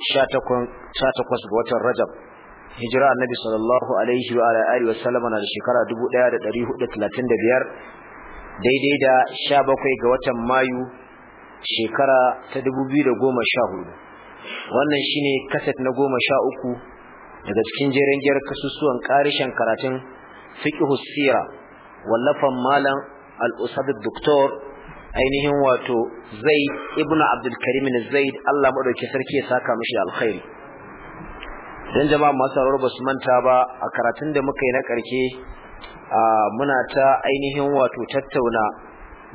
18 ga watan Rajab hijira annabi sallallahu alaihi wa alihi wa sallama na shekara 1435 daidai da 17 ga watan Mayu shekara ta 2014 wannan shine kaset na 13 daga cikin jerin jer kasusuwan karishan karatun fiqhus sira wallafan malam al-usad al doktor ainihin wato zai ibn Abdulkarim karim zai Allah madauki sarki ya saka mishi alkhairi dan jama'a masu ba basu manta ba a karatun da muka yi na karke muna ta ainihin wato tattauna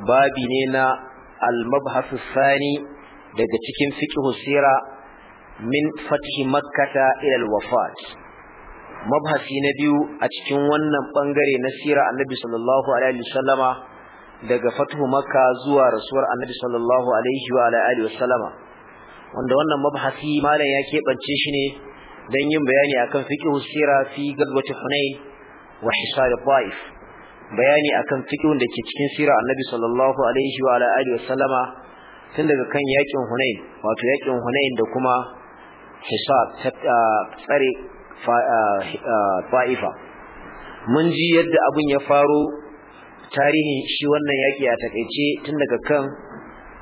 babi ne na al-mabhath Sani daga cikin fiqh sira min fathi makkata ila al-wafat mabhasi na biyu a cikin wannan bangare na sira annabi sallallahu alaihi wasallama daga fatuhu makka zuwa rasuwar annabi sallallahu alaihi wa alihi wasallama wanda wannan mabhasi malam ya keɓance shi ne dan yin bayani akan fiqhu sira fi gadwati hunain wa hisar taif bayani akan fiqhun da ke cikin sira annabi sallallahu alaihi wa alihi wasallama tun daga kan yakin hunain wato yakin hunain da kuma hisab tsare fa'ifa mun ji yadda abun ya faro tarihin shi wannan yaki a takaice tun daga kan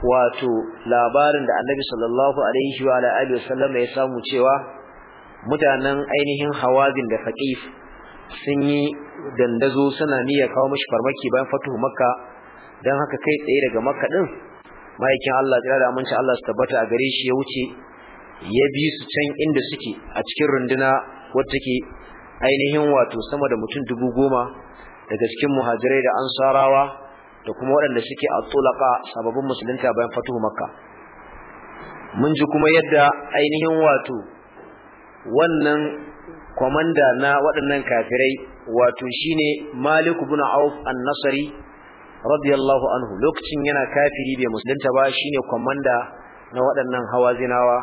wato labarin da Annabi sallallahu alaihi wa alihi wasallam ya samu cewa mutanen ainihin Hawazin da Faqif sun yi dandazo suna niyyar kawo mishi farmaki bayan fatuhu Makka dan haka kai tsaye daga Makka din ma'aikin Allah ya da aminci Allah su tabbata a gare shi ya wuce ya bi su can inda suke a cikin runduna wacce ke ainihin wato sama da mutum dubu goma daga cikin muhajirai da ansarawa da kuma waɗanda suke a tulaka sababbin musulunta bayan fatuhu makka mun ji kuma yadda ainihin wato wannan kwamanda na waɗannan kafirai wato shine Malik ibn Auf an-Nasri radiyallahu anhu lokacin yana kafiri bai musulunta ba shine kwamanda na waɗannan hawazinawa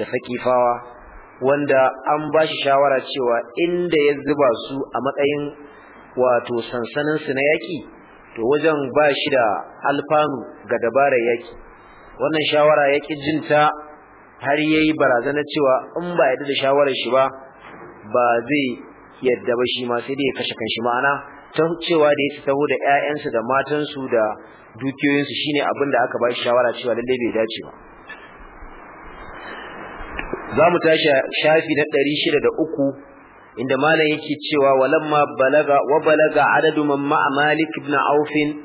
da sakifawa wanda an ba shi shawara cewa inda ya zuba su a matsayin wato sansaninsu na yaki to wajen ba shi da alfanu ga dabarar yaki wannan shawara yaki jinta har yayi barazanar cewa in ba yadda da shawarar shi ba ba zai yadda ba shi ma sai dai ya kashe kanshi ma'ana ta cewa da yake taho da 'ya'yansu da matansu da dukiyoyinsu shine abin da aka ba shi shawara cewa lalle bai dace ba za mu tashi shafi na ɗari shida da uku inda malam yake cewa walamma balaga wa balaga adadu man ma Malik ibn Auf 20000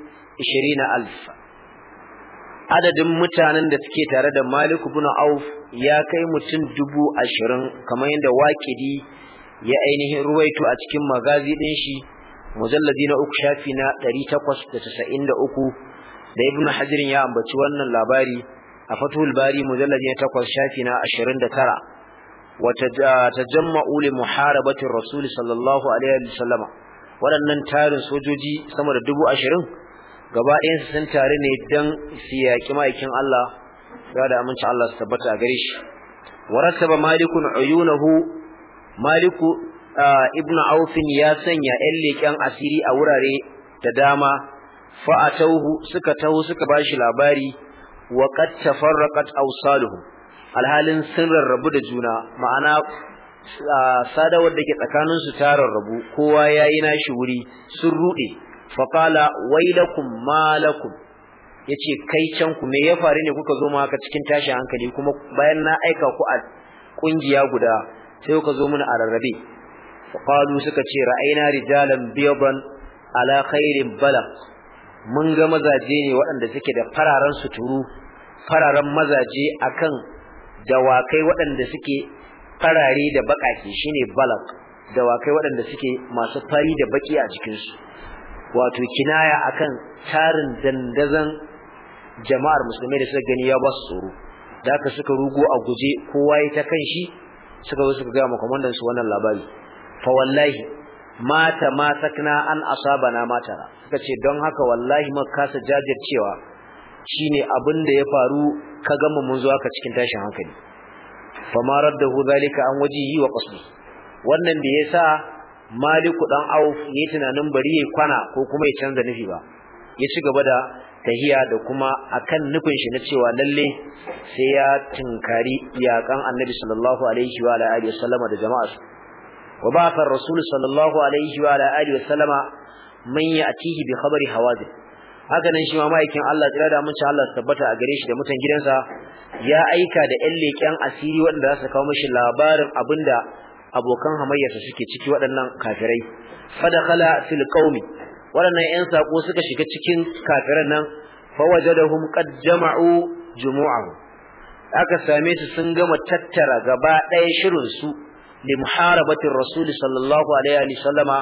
adadin mutanen da suke tare da Malik ibn Auf ya kai mutum 20000 kamar yadda Waqidi ya ainihin ruwaito a cikin magazi din shi mujalladi na uku shafi na 893 da Ibn Hajar ya ambaci wannan labari a Fathul Bari mujalladi na 8 shafi na 29 وتجمعوا لمحاربة الرسول صلى الله عليه وسلم waɗannan tarin sojoji sama da dubu ashirin gaba ɗayansu sun tare ne don su yaƙi ma'aikin Allah ya da aminci Allah su tabbata a gare shi warataba malikun uyunahu maliku ibnu aufin ya sanya ƴan leƙen asiri a wurare da dama fa suka tahu suka bashi labari wa qad tafarraqat awsaluhum alhalin sun rarrabu da juna ma'ana sadawar da ke tsakanin su ta rarrabu kowa yayi nashi wuri sun rude fa qala wailakum malakum yace kai can ku me ya faru ne kuka zo ma haka cikin tashi hankali kuma bayan na aika ku a kungiya guda sai kuka zo mana a rarrabe fa qalu suka ce ra'ayna rijalan biyadan ala khairin balagh mun ga mazaje ne waɗanda suke da fararen suturu fararen mazaje akan dawakai waɗanda suke farare da bakake shine balak dawakai waɗanda suke masu fari da baki a jikinsu wato kinaya akan tarin dandazan jama'ar musulmai da suka gani ya ba su tsoro da haka suka rugo a guje kowa ya ta kan shi suka zo suka gaya ma kwamandan su wannan labari fa wallahi mata ma sakna an asaba na mata. suka ce don haka wallahi mun kasa jajircewa shine abin da ya faru ka gama mun zo aka cikin tashin hankali Fa radda raddahu zalika an wajihi wa qasdi wannan da yasa maliku dan auf ne tunanin bari ya kwana ko kuma ya canza nufi ba ya ci gaba da tahiya da kuma akan nufin shi na cewa lalle sai ya tinkari iyakan annabi sallallahu alaihi wa alihi wasallama da jama'a wa ba'atha rasul sallallahu alaihi wa alihi wasallama man ya'tihi bi khabari hawazin haka nan shi ma ma'aikin Allah tsira da amince Allah tabbata a gare shi da mutan gidansa ya aika da ƴan leƙen asiri waɗanda za su kawo mishi labarin abinda abokan hamayyarsa suke ciki waɗannan kafirai fadakhala fil qaumi waɗannan ƴan sako suka shiga cikin kafiran nan fawajadahum qad jama'u jumu'a aka same su sun gama tattara gaba ɗaya shirin su li muharabatir rasul sallallahu alaihi wa sallama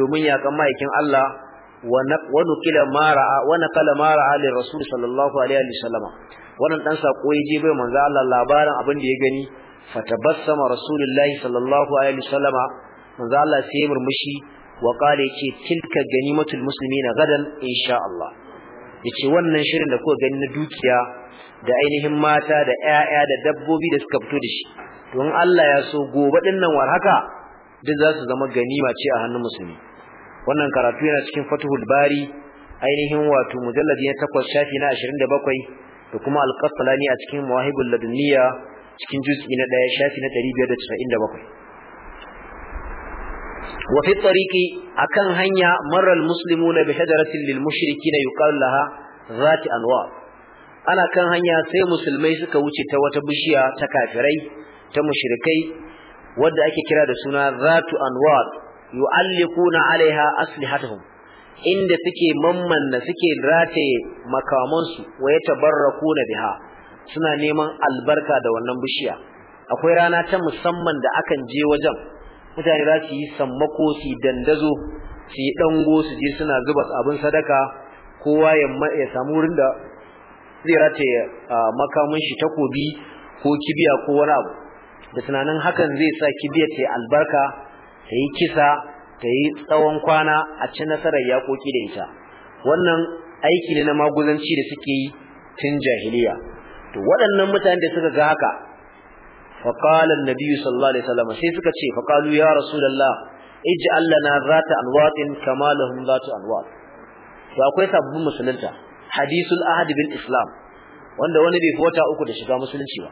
domin yakan ma'aikin Allah Wana kala راى ونقل ما راى للرسول صلى الله عليه وسلم wannan dan sako yaje bai manzo Allah labarin abin da ya gani fatabassama rasulullahi sallallahu alaihi wasallama manzo Allah sai ya murmushi wa qala yace tilka ganimatul na gadan insha Allah yace wannan shirin da kuka gani na dukiya da ainihin mata da 'ya'ya da dabbobi da suka fito da shi don Allah ya so gobe dinnan war haka duk za su zama gani mace a hannun musulmi wannan karatu yana cikin Fathul ainihin wato mujallad ya 8 shafi na 27 da kuma Al-Qaslani a cikin Mawahibul Ladniya cikin juz'i na 1 shafi na 597 wa fi ana kan hanya sai musulmai suka wuce ta wata bishiya ta kafirai ta mushirikai, wadda ake kira da suna zatu anwar yu'allikuna alaiha aslihatuhum inda suke mammanna suke rataye makamansu wa yatabarrakuna biha suna neman albarka da wannan bishiya akwai rana ta musamman da akan je wajen mutane za su yi sammako su dandazo su yi dango su je suna zuba abin sadaka kowa ya samu wurin da zai rataye makamin shi takobi ko kibiya ko wani abu da tunanin hakan zai sa kibiya ta albarka ta yi kisa ta yi tsawon kwana a ci nasarar yakoki da ita wannan aiki ne na maguzanci da suke yi tun jahiliya to waɗannan mutane da suka ga haka faƙalar biyu sallallahu alaihi wasallam sai suka ce faƙalu ya rasulullah ij'al lana zata alwatin kama lahum zatu alwat to akwai sabbin musulunta hadisul ahad bil islam wanda wani bai fota uku da shiga musulunci ba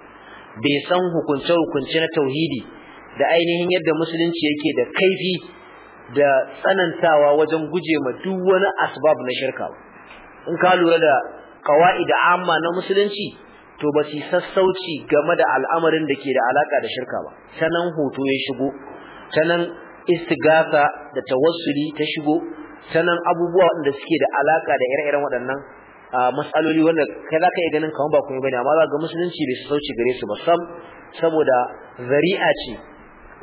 bai san hukunce hukunce na tauhidi da ainihin yadda musulunci yake da kaifi da tsanantawa wajen guje ma duk wani asbab na shirka in ka lura da kawa'ida amma na musulunci to ba su sassauci game da al'amarin da ke da alaka da shirka ba sanan hoto ya shigo sanan istigasa da tawassuli ta shigo sanan abubuwa wanda suke da alaka da ire-iren waɗannan matsaloli wanda kai za ka iya ganin kamar ba kuma bane amma za ga musulunci bai sassauci gare su ba sam saboda zari'a ce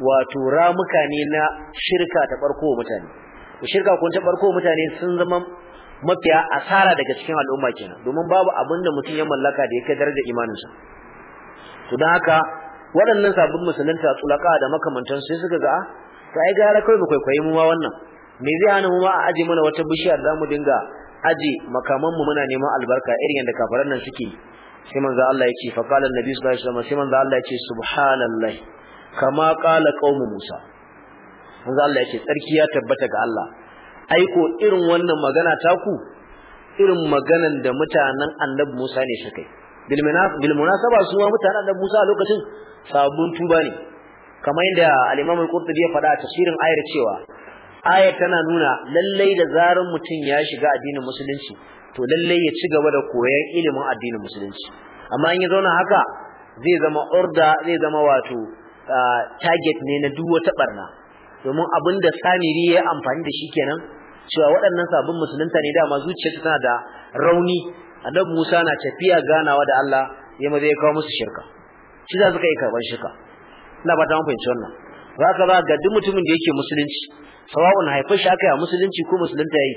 wato ramuka ne na shirka ta farko mutane shirka kun ta barko mutane sun zama mafiya asara daga cikin al'umma kenan domin babu abin da mutum ya mallaka da yake daraja sa to dan haka waɗannan sabbin musulunta tsulaka da makamantan sai suka ga ah, to ai gara kai bakwai kwayi mu ma wannan me zai hana mu ma a aje mana wata bishiya da mu dinga aje makaman mu muna neman albarka irin yanda kafaran nan suke sai manzo Allah ya ce fa qala annabi sallallahu alaihi wasallam sai manzo Allah ya subhanallahi kama kala qaumu Musa manzo Allah yace tsarki ya tabbata ga Allah aiko irin wannan magana ta ku irin maganan da mutanen Annabi Musa ne suka yi bil munasaba su mutanen Annabi Musa a lokacin sabon tuba ne kamar yadda al-Imam al-Qurtubi ya faɗa a tafsirin ayar cewa ayar tana nuna lallai da zarar mutum ya shiga addinin musulunci to lallai ya ci gaba da koyan ilimin addinin musulunci amma in ya zauna haka zai zama orda zai zama wato target ne na duk wata barna domin abin da samiri ya yi amfani da shi kenan cewa waɗannan sabbin musulunta ne dama zuciyar tana da rauni annabi Musa na tafiya ganawa da Allah ya maza ya kawo musu shirka shi za su kai karban shirka ina ba ta mun fahimci wannan haka ba ga duk mutumin da yake musulunci sawa'un haifar shi aka yi musulunci ko musulunta yayi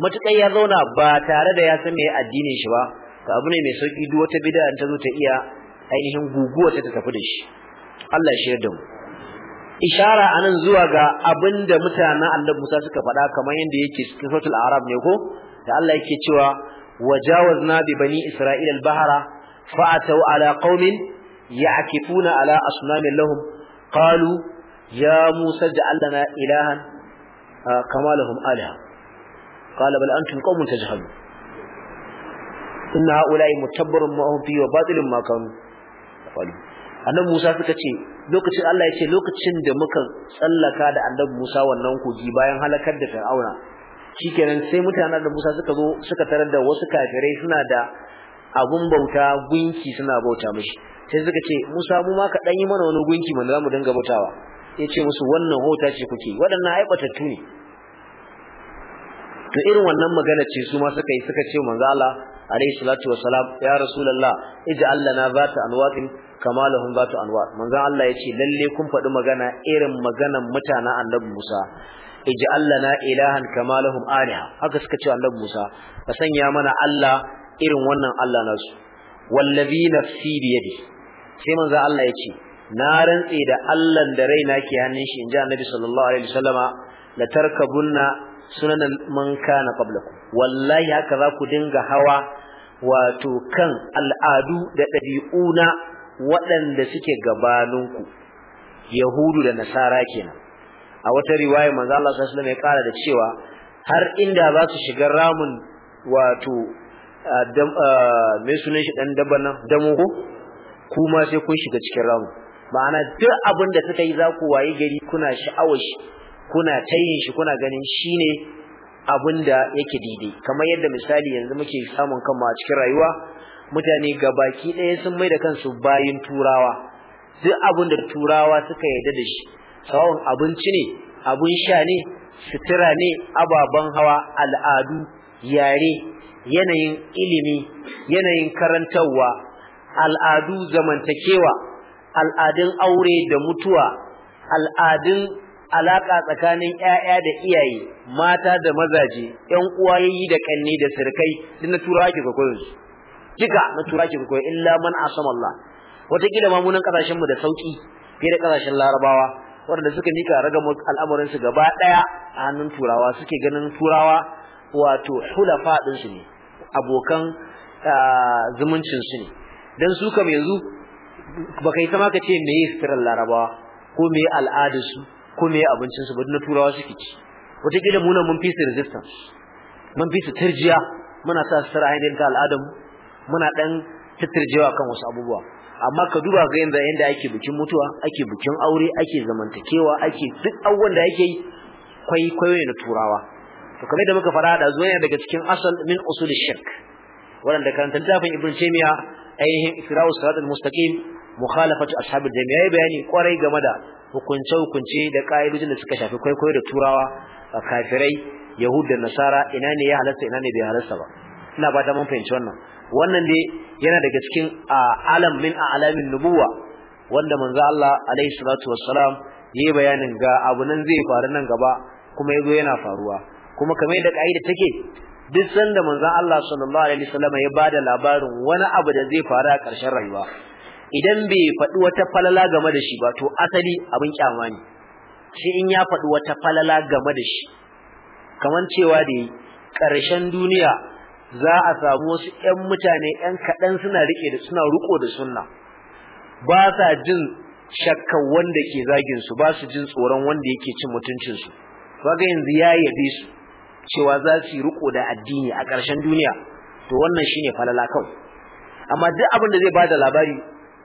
matukai ya zauna ba tare da ya san me addinin shi ba ga abu ne mai sauki duk wata bid'a ta zo ta iya ainihin guguwa ta tafi da shi Allah shi da mu ishara anan zuwa ga abinda mutanen Allah Musa suka faɗa kamar yadda yake cikin suratul arab ne ko da Allah yake cewa wajawazna bi bani isra'ila al-bahra fa'atu ala qaumin ya'kifuna ala asnamin lahum qalu ya musa ja'al lana ilahan ah, kama lahum alaha qala bal antum qaumun tajhalun inna ha'ula'i mutabbarun ma hum fi wa batilun ma kanu qalu annabi Musa suka ce lokacin Allah ya ce lokacin da muka tsallaka da annabi Musa wannan kogi bayan halakar da Fir'auna shikenan sai mutanen da Musa suka zo suka tarar da wasu kafirai suna da abun bauta gunki suna bauta mishi sai suka ce Musa mu ma ka dan yi mana wani gunki mu zamu dinga bautawa ce musu wannan hota ce kuke waɗannan batattu ne to irin wannan magana ce su ma suka yi suka ce manzo Allah alaihi salatu wa salam ya rasulullah ij'al lana zata anwaqin kama lahum zatu anwaq manzo Allah yace lalle kun faɗi magana irin maganan mutana annabi Musa ij'al lana ilahan kama lahum aliha haka suka ce annabi Musa ka sanya mana Allah irin wannan Allah nasu wallazi nafsi biyadi sai manzo Allah yace na rantse da Allah da raina ke hannun shi inji annabi sallallahu alaihi wasallama la tarkabunna sunanan man kana qablakum wallahi haka za ku dinga hawa wato kan al'adu da ɗabi'u na waɗanda suke gabaninku yahudu da nasara kenan a wata riwaya manzo Allah sallallahu alaihi wasallam ya kara da cewa har inda za su shiga ramun wato mai sunan shi dan dabba nan damo kuma sai kun shiga cikin ramu. ma'ana duk abin da suka yi za ku wayi gari kuna sha'awar shi kuna tayin shi kuna ganin shine abin da yake daidai kamar yadda misali yanzu muke samun kanmu a cikin rayuwa mutane ga baki ɗaya sun mai da kansu bayin turawa duk abin da turawa suka yarda da shi sawon abinci ne abun sha ne sutura ne ababen hawa al'adu yare yanayin ilimi yanayin karantarwa al'adu zamantakewa al'adun aure da mutuwa al'adun alaka tsakanin 'ya'ya da iyaye mata da mazaje ƴan uwayi da kanni da sirkai din na tura ke su kika na tura ke kokoyin illa man asama Allah wataƙila ma munan kasashen mu da sauki fiye da kasashen larabawa wanda suka nika ragamu al'amarin su gaba ɗaya a hannun turawa suke ganin turawa wato hulafa din ne abokan zumuncin su ne dan su kam yanzu baka yi sama ka ce me yi larabawa ko me al'adarsu ko me abincin su ba na turawa suke ci wataƙila mu nan mun fi su resistance mun fi su tarjiya muna sa su tsara ainihin ta al'adamu muna ɗan tattarjewa kan wasu abubuwa amma ka duba ga yanda yanda ake bikin mutuwa ake bikin aure ake zamantakewa ake duk abubuwan da ake yi kwai na turawa to kamar da muka fara da zuwa daga cikin asal min usul shirk wanda karanta littafin ibnu taymiya ainihin ikra'u usirat al-mustaqim mukhalafatu ashab al-jami'a bayani kwarai game da hukunce hukunce da ka'idojin da suka shafi kwaikwayo da turawa kafirai yahud da nasara ina ne ya halasta ina ne bai halasta ba ina ba ta mun fahimci wannan wannan dai yana daga cikin alam min alamin nubuwa wanda manzo Allah alaihi salatu wassalam yayi bayanin ga abu nan zai faru nan gaba kuma yazo yana faruwa kuma kamar yadda kaida take duk sanda manzo Allah sallallahu alaihi wasallam ya bada labarin wani abu da zai faru a ƙarshen rayuwa idan bai faɗi wata falala game da shi ba to asali abin kyama ne shi in ya faɗi wata falala game da shi kamar cewa da yi ƙarshen duniya za a samu wasu ƴan mutane ƴan kaɗan suna riƙe da suna riƙo da sunna ba sa jin shakkan wanda ke zagin su ba su jin tsoron wanda yake cin mutuncin su kaga yanzu ya yabe su cewa za su yi riƙo da addini a ƙarshen duniya to wannan shine falala kawai amma duk abin da zai bada labari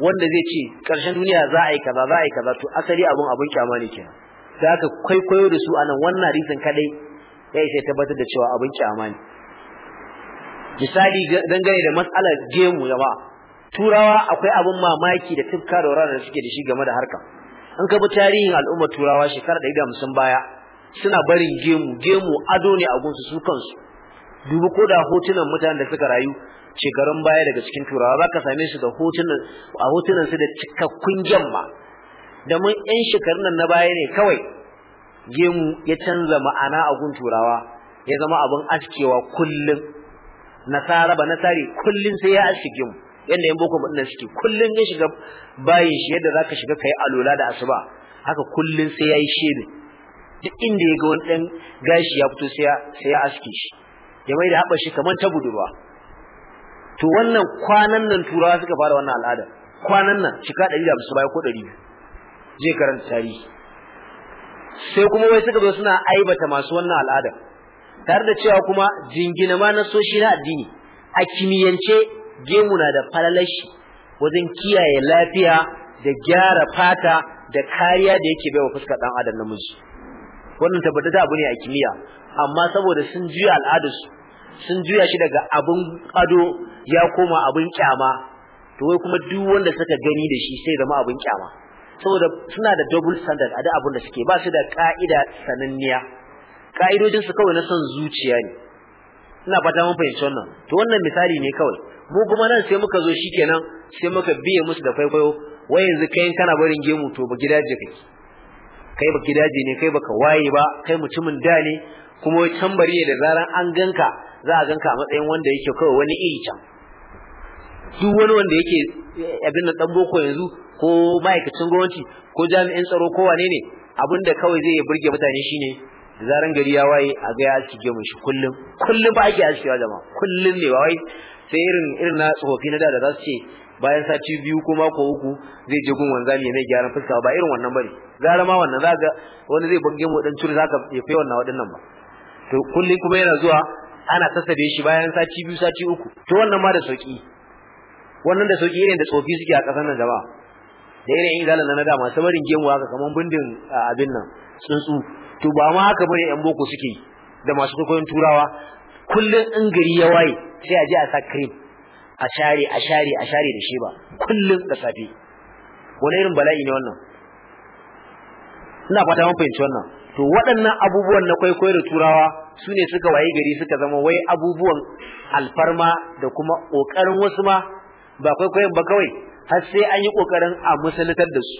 wanda zai ce ƙarshen duniya za a yi kaza za a yi kaza to asali abun abun kyama ne kenan da aka kwaikwayo da su anan wannan hadisin kadai ya isa tabbatar da cewa abun kyama ne misali dangane da matsalar gemu ba, turawa akwai abun mamaki da tufka da wuraren da suke da shi game da harka an ka bi tarihin al'ummar turawa shekara da hamsin baya suna barin gemu gemu ado ne a gunsu su kansu dubi ko da hotunan mutanen da suka rayu shekarun baya daga cikin turawa za ka same su da hotunan a hotunan su da cikakkun jamma da mun yan shekarun nan na baya ne kawai gemu ya canza ma'ana a gun turawa ya zama abin askewa kullum nasara ba nasari kullum sai ya aske gemu yadda yan boko mutum suke kullum ya shiga bayin shi yadda zaka shiga kai alola da asuba haka kullum sai ya yi shebe duk inda ya ga wani ɗan gashi ya fito sai ya aske shi ya mai da haɓa shi kamar ta budurwa to wannan kwanan nan turawa suka fara wannan al'ada kwanan nan shika 150 baya ko 100 je karanta tarihi sai kuma wai suka zo suna aibata masu wannan al'ada tare da cewa kuma jingina ma na soshi na addini a kimiyyance gemu na da falalashi wajen kiyaye lafiya da gyara fata da kariya da yake baiwa fuska ɗan adam namiji wannan tabbata abu ne a kimiyya amma saboda sun juya al'adarsu sun juya shi daga abin ado ya koma abin kyama to wai kuma duk wanda suka gani da shi sai zama abin kyama saboda suna da double standard a duk abin da suke ba su da ka'ida sananniya ka'idojin su kawai na son zuciya ne ina fata mun fahimci wannan to wannan misali ne kawai mu kuma nan sai muka zo shikenan sai muka biye musu da kwaikwayo wai yanzu kai kana barin gemu to ba gidaje kake kai ba gidaje ne kai baka waye ba kai mutumin da ne kuma wai tambari ne da zaran an ganka za a ganka a matsayin wanda yake kawai wani iri can duk wani wanda yake abin da dan boko yanzu ko ma'aikacin gwamnati ko jami'in tsaro ko wane ne abin da kawai zai burge mutane shine da zaran gari ya waye a ga ya cike mun shi kullum kullum ba ake askewa jama'a kullum ne ba wai sai irin irin na tsofaffi na da da za su ce bayan sati biyu ko mako uku zai je gun wanzami ya mai gyaran fuska ba irin wannan bane gara ma wannan ga wani zai bange mu dan curi zaka ka yafe wannan wadannan ba to kullum kuma yana zuwa ana sassabe shi bayan sati biyu sati uku to wannan ma da sauki wannan da sauki irin da tsofi suke a ƙasar nan jama'a da irin izalan na da masu barin gemu haka kaman bindin abin nan tsuntsu to ba ma haka bane yan boko suke da masu kokoyin turawa kullun in gari ya waye sai a je a sa cream a share a share a share da shi ba kullun da safe wani irin bala'i ne wannan ina fata mun fahimci wannan to waɗannan abubuwan na kwaikwayo da turawa su ne suka waye gari suka zama wai abubuwan alfarma da kuma ƙoƙarin wasu ma ba kwaikwayon ba kawai har sai an yi ƙoƙarin a musulutar da su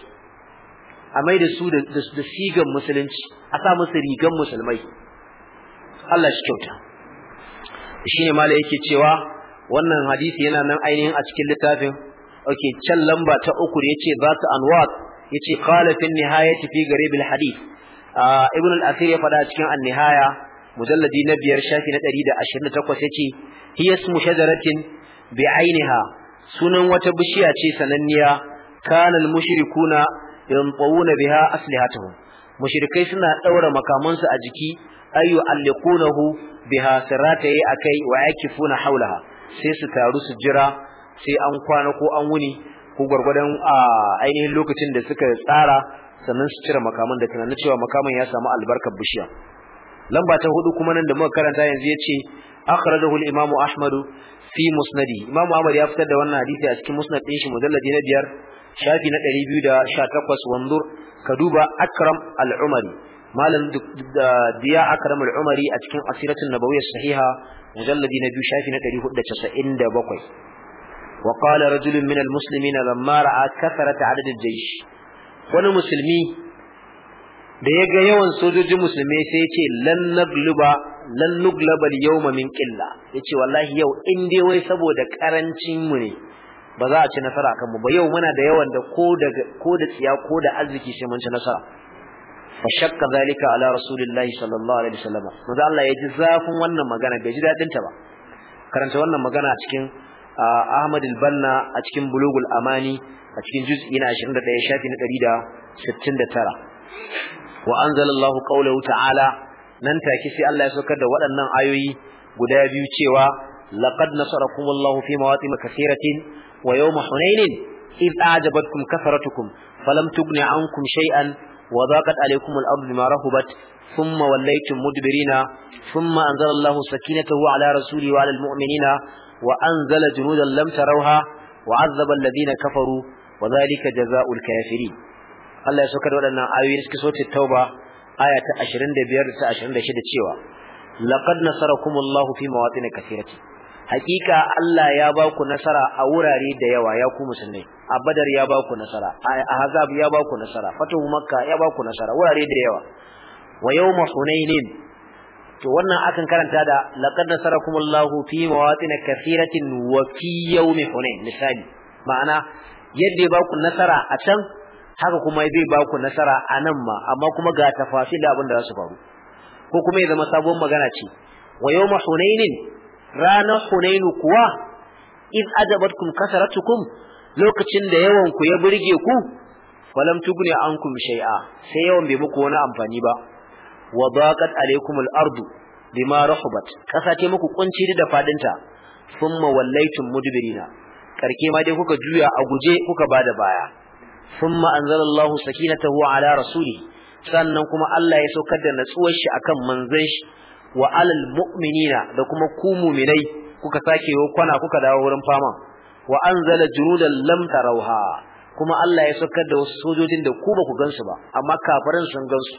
a mai da su da sigan musulunci a sa musu rigan musulmai Allah shi kyauta shi ne mala yake cewa wannan hadisi yana nan ainihin a cikin littafin okay can lamba ta uku yace zata anwat yace qala fi nihayati fi garibil hadith ibn al-asir ya fada cikin an-nihaya mujalladi na biyar shafi na 128 yace hiya ismu shajaratin bi ainiha sunan wata bishiya ce sananniya kana al-mushrikuna yanqawuna biha aslihatuhum mushrikai suna daura makamansu a jiki ayu alliqunahu biha siratayi akai wa yakifuna haulaha sai su taru su jira sai an kwana ko an wuni ko a ainihin lokacin da suka tsara sannan su cire makaman da tunanin cewa makaman ya samu albarkar bishiya lamba ta hudu kuma nan da muka karanta yanzu yace akhrajahu al-imamu ahmad fi musnadi imamu ahmad ya fitar da wannan hadisi a cikin musnad din shi mujalladi na biyar shafi na 218 wandur ka duba akram al-umari malam diya akram al-umari a cikin asiratul nabawiyyah sahiha mujalladi na biyu shafi na 497 وقال رجل من المسلمين لما رأى كثرة عدد الجيش wani musulmi da ya ga yawan sojojin musulmi sai ya ce lan nagluba lan nuglabal yawma min yace wallahi yau in dai wai saboda karancin mu ne ba za a ci nasara kan mu ba yau muna da yawan da ko da ko da tsiya ko da arziki sai mun ci nasara fa shakka zalika ala rasulillahi sallallahu alaihi wasallam maza Allah ya ji zafin wannan magana bai ji dadin ta ba karanta wannan magana a cikin Ahmad al-Banna a cikin Bulugul Amani a cikin juz'i na 21 shafi na 169 wa anzalallahu qawluhu ta'ala nan take sai Allah ya saukar da waɗannan ayoyi guda biyu cewa laqad nasarakumullahu fi mawatin kathiratin wa yawma hunainin id a'jabatkum kathratukum falam tughni ankum shay'an wa daqat alaykum al-ardu bima rahabat thumma wallaytum mudbirina thumma anzalallahu sakinatahu ala rasulihi wa ala al-mu'minina wa anzala junudan lam tarawha وعذب الذين كفروا wa zalika jazaa'ul kafirin Allah ya saukar waɗannan ayoyin cikin sautin Tauba aya ta 25 ta 26 cewa laqad nasarakumullahu fi mawatin kathirati hakika Allah ya ba ku nasara a wurare da yawa ya ku musulmai a Badar ya ba ku nasara a Ahzab ya ba ku nasara fatu Makka ya ba ku nasara wurare da yawa wa yawma Hunainin to wannan akan karanta da laqad nasarakumullahu fi mawatin kathiratin wa fi yawmi hunain misali ma'ana yadda ya baku nasara a can haka kuma zai baku nasara a nan ma amma kuma ga tafasil abin da za su faru ko kuma ya zama sabon magana ce wa yawma hunainin ranar hunainu kuwa in ajabatkum kasaratukum lokacin da yawan ku ya burge ku falam tugni ankum shay'a sai yawan bai muku wani amfani ba wa daqat alaykum al-ardu bima rahabat kasa ce muku kunci da fadinta thumma wallaytum mudbirina karke ma dai kuka juya a guje kuka bada baya thumma anzalallahu sakinatahu ala rasuli sannan kuma Allah ya saukar da natsuwar shi akan manzon shi wa alal mu'minina da kuma ku mu'minai kuka sake yo kwana kuka dawo wurin fama wa anzala junudan lam tarauha kuma Allah ya saukar da wasu sojojin da ku ba ku gansu ba amma kafirin sun gansu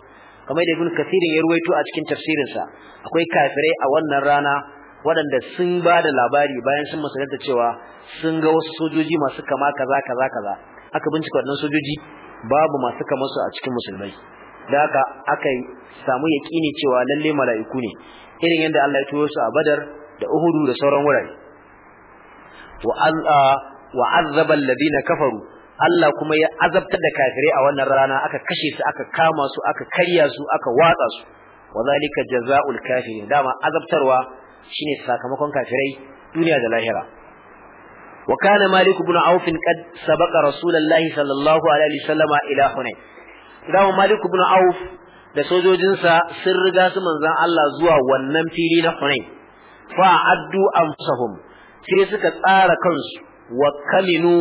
kamar da Ibn Kathir ya ruwaito a cikin tafsirinsa akwai kafirai a wannan rana waɗanda sun ba da labari bayan sun masalanta cewa sun ga wasu sojoji masu kama kaza kaza kaza aka bincika waɗannan sojoji babu masu kamar su a cikin musulmai da haka aka samu ne cewa lalle mala'iku ne irin yadda Allah ya turo su a Badar da Uhudu da sauran wurare wa azza alladhina kafaru Allah kuma ya azabtar da kafirai a wannan rana aka kashe su aka kama su aka karya su aka watsa su wa zalika jaza'ul kafirin dama azabtarwa shine sakamakon kafirai duniya da lahira wa kana malik ibn auf qad sabaqa rasulullahi sallallahu alaihi wasallama ila hunay idan malik ibn auf da sojojinsa sun riga su manzon Allah zuwa wannan fili na hunay fa addu amsahum sai suka tsara kansu wa kaminu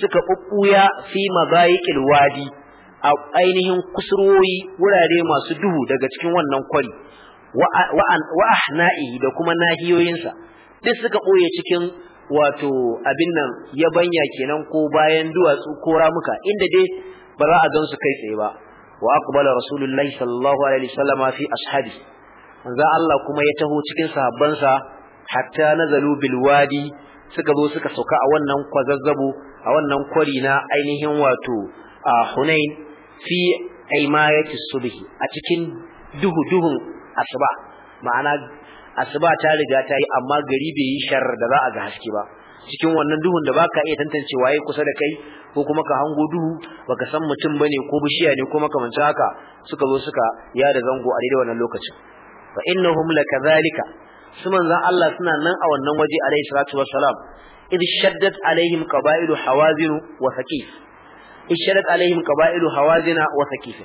suka kukkuya fi mabayiqil wadi a ainihin kusurwoyi wurare masu duhu daga cikin wannan kwari wa'ahna'i da kuma nahiyoyinsa duk suka ɓoye cikin wato abin nan yabanya kenan ko bayan duwatsu ko ramuka inda dai ba za a gan su kai tsaye ba wa aqbala rasulullahi sallallahu alaihi wasallam fi ashabi manzo Allah kuma ya taho cikin sahabbansa hatta nazalu bil wadi suka zo suka sauka a wannan kwazazzabo a wannan kwari na ainihin wato a Hunain fi aimayati subhi a cikin duhu duhun asuba ma'ana asuba ta riga ta yi amma gari bai yi shar da za a ga haske ba cikin wannan duhun da baka iya tantance waye kusa da kai ko kuma ka hango duhu baka san mutum bane ko bishiya ne ko makamancin haka suka zo suka ya da zango a daidai wannan lokacin fa innahum lakadhalika su manzon Allah suna nan a wannan waje alayhi salatu wassalam idh shaddat alaihim qaba'ilu hawazin wa thaqif isharat alaihim qaba'ilu hawazina wa thaqif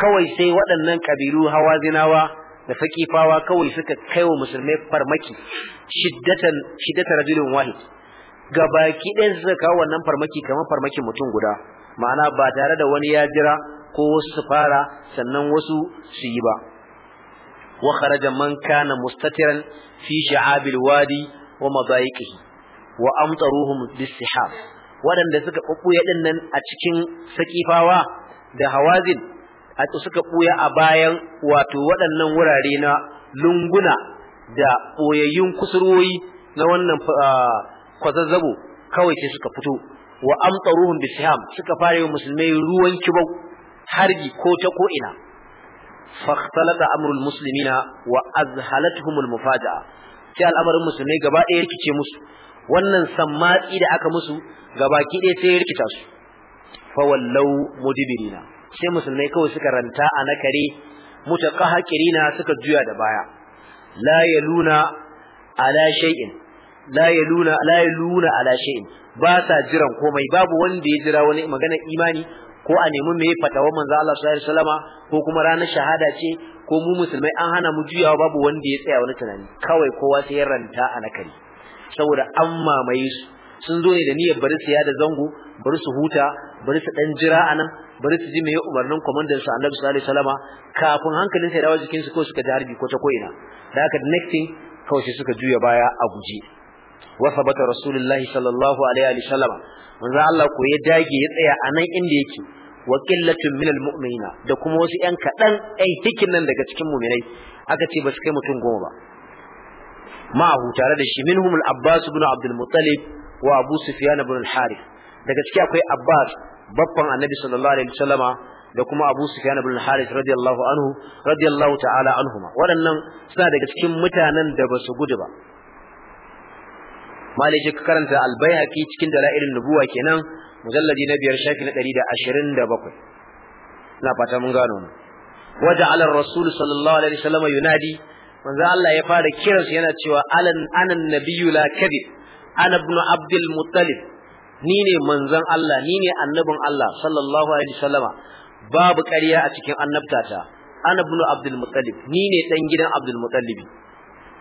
kawai sai waɗannan kabilu hawazinawa da fakifawa kawai suka kai wa musulmai farmaki shiddatan shiddata rajulin wahid gabaki ɗayan suka kawo wannan farmaki kamar farmakin mutum guda ma'ana ba tare da wani ya jira ko wasu su fara sannan wasu su yi ba wa kharaja man kana mustatiran fi sha'abil wadi wa mabaiqihi wa amtaruhum bisihab waɗanda suka kubuye dinnan a cikin sakifawa da hawazin suka buya a bayan wato waɗannan wurare na lunguna da ɓoyayyun kusurwoyi na wannan ah, kwazazzabo kawai ce suka fito wa amtaruhum bisiham suka fara yi musulmai ruwan kibau harbi ko ta ko ina fakhtalata amrul muslimina wa azhalatuhum al mufaja'a sai al'amarin musulmai gaba ɗaya rikice musu wannan sammatsi da aka musu ki ɗaya sai ya rikita su wallau mudibirina sai musulmai kawai suka ranta a nakare mutaqahhirina suka juya da baya la yaluna ala shay'in la yaluna la yaluna ala shay'in ba sa jiran komai babu wanda ya jira wani magana imani ko a nemi me fatawa manzo Allah sallallahu alaihi wasallama ko kuma ranar shahada ce ko mu musulmai an hana mu juyawa babu wanda ya tsaya wani tunani kawai kowa sai ya ranta a nakari saboda an mamaye su sun zo ne da niyyar bari su yada zango bari su huta bari su dan jira anan bari su ji me umarnin komandan su Annabi sallallahu alaihi wasallama kafin hankalin sai dawo jikin su ko suka ji ko ta koina da haka next thing kawai sai suka juya baya a guji wa sabata rasulullahi sallallahu alaihi sallam, manzo Allah ko ya dage ya tsaya a nan inda yake wa qillatun minal mu'minina da kuma wasu yan kadan yan hikin nan daga cikin mu'minai aka ce ba su kai mutum goma ba ma'ahu tare da shi minhum abbas ibn abdul muttalib wa abu sufyan ibn al-harith daga ciki akwai abbas babban annabi sallallahu alaihi wasallama da kuma Abu Sufyan ibn Harith radiyallahu anhu radiyallahu ta'ala anhuma waɗannan suna daga cikin mutanen da ba su gudu ba Malik ka karanta al-Baihaqi cikin dalailin nubuwa kenan mujalladi na biyar shafi na 127 ina fata mun gano mu waja'ala ala rasul sallallahu alaihi wasallam yunadi manzo Allah ya fara kiransa yana cewa alan anan nabiyyu la kadhib ana ibn abdul muttalib ni ne manzon Allah ni ne annabin Allah sallallahu alaihi wasallama babu ƙarya a cikin annabtata ana ibn abdul muttalib ni ne dan gidan abdul muttalibi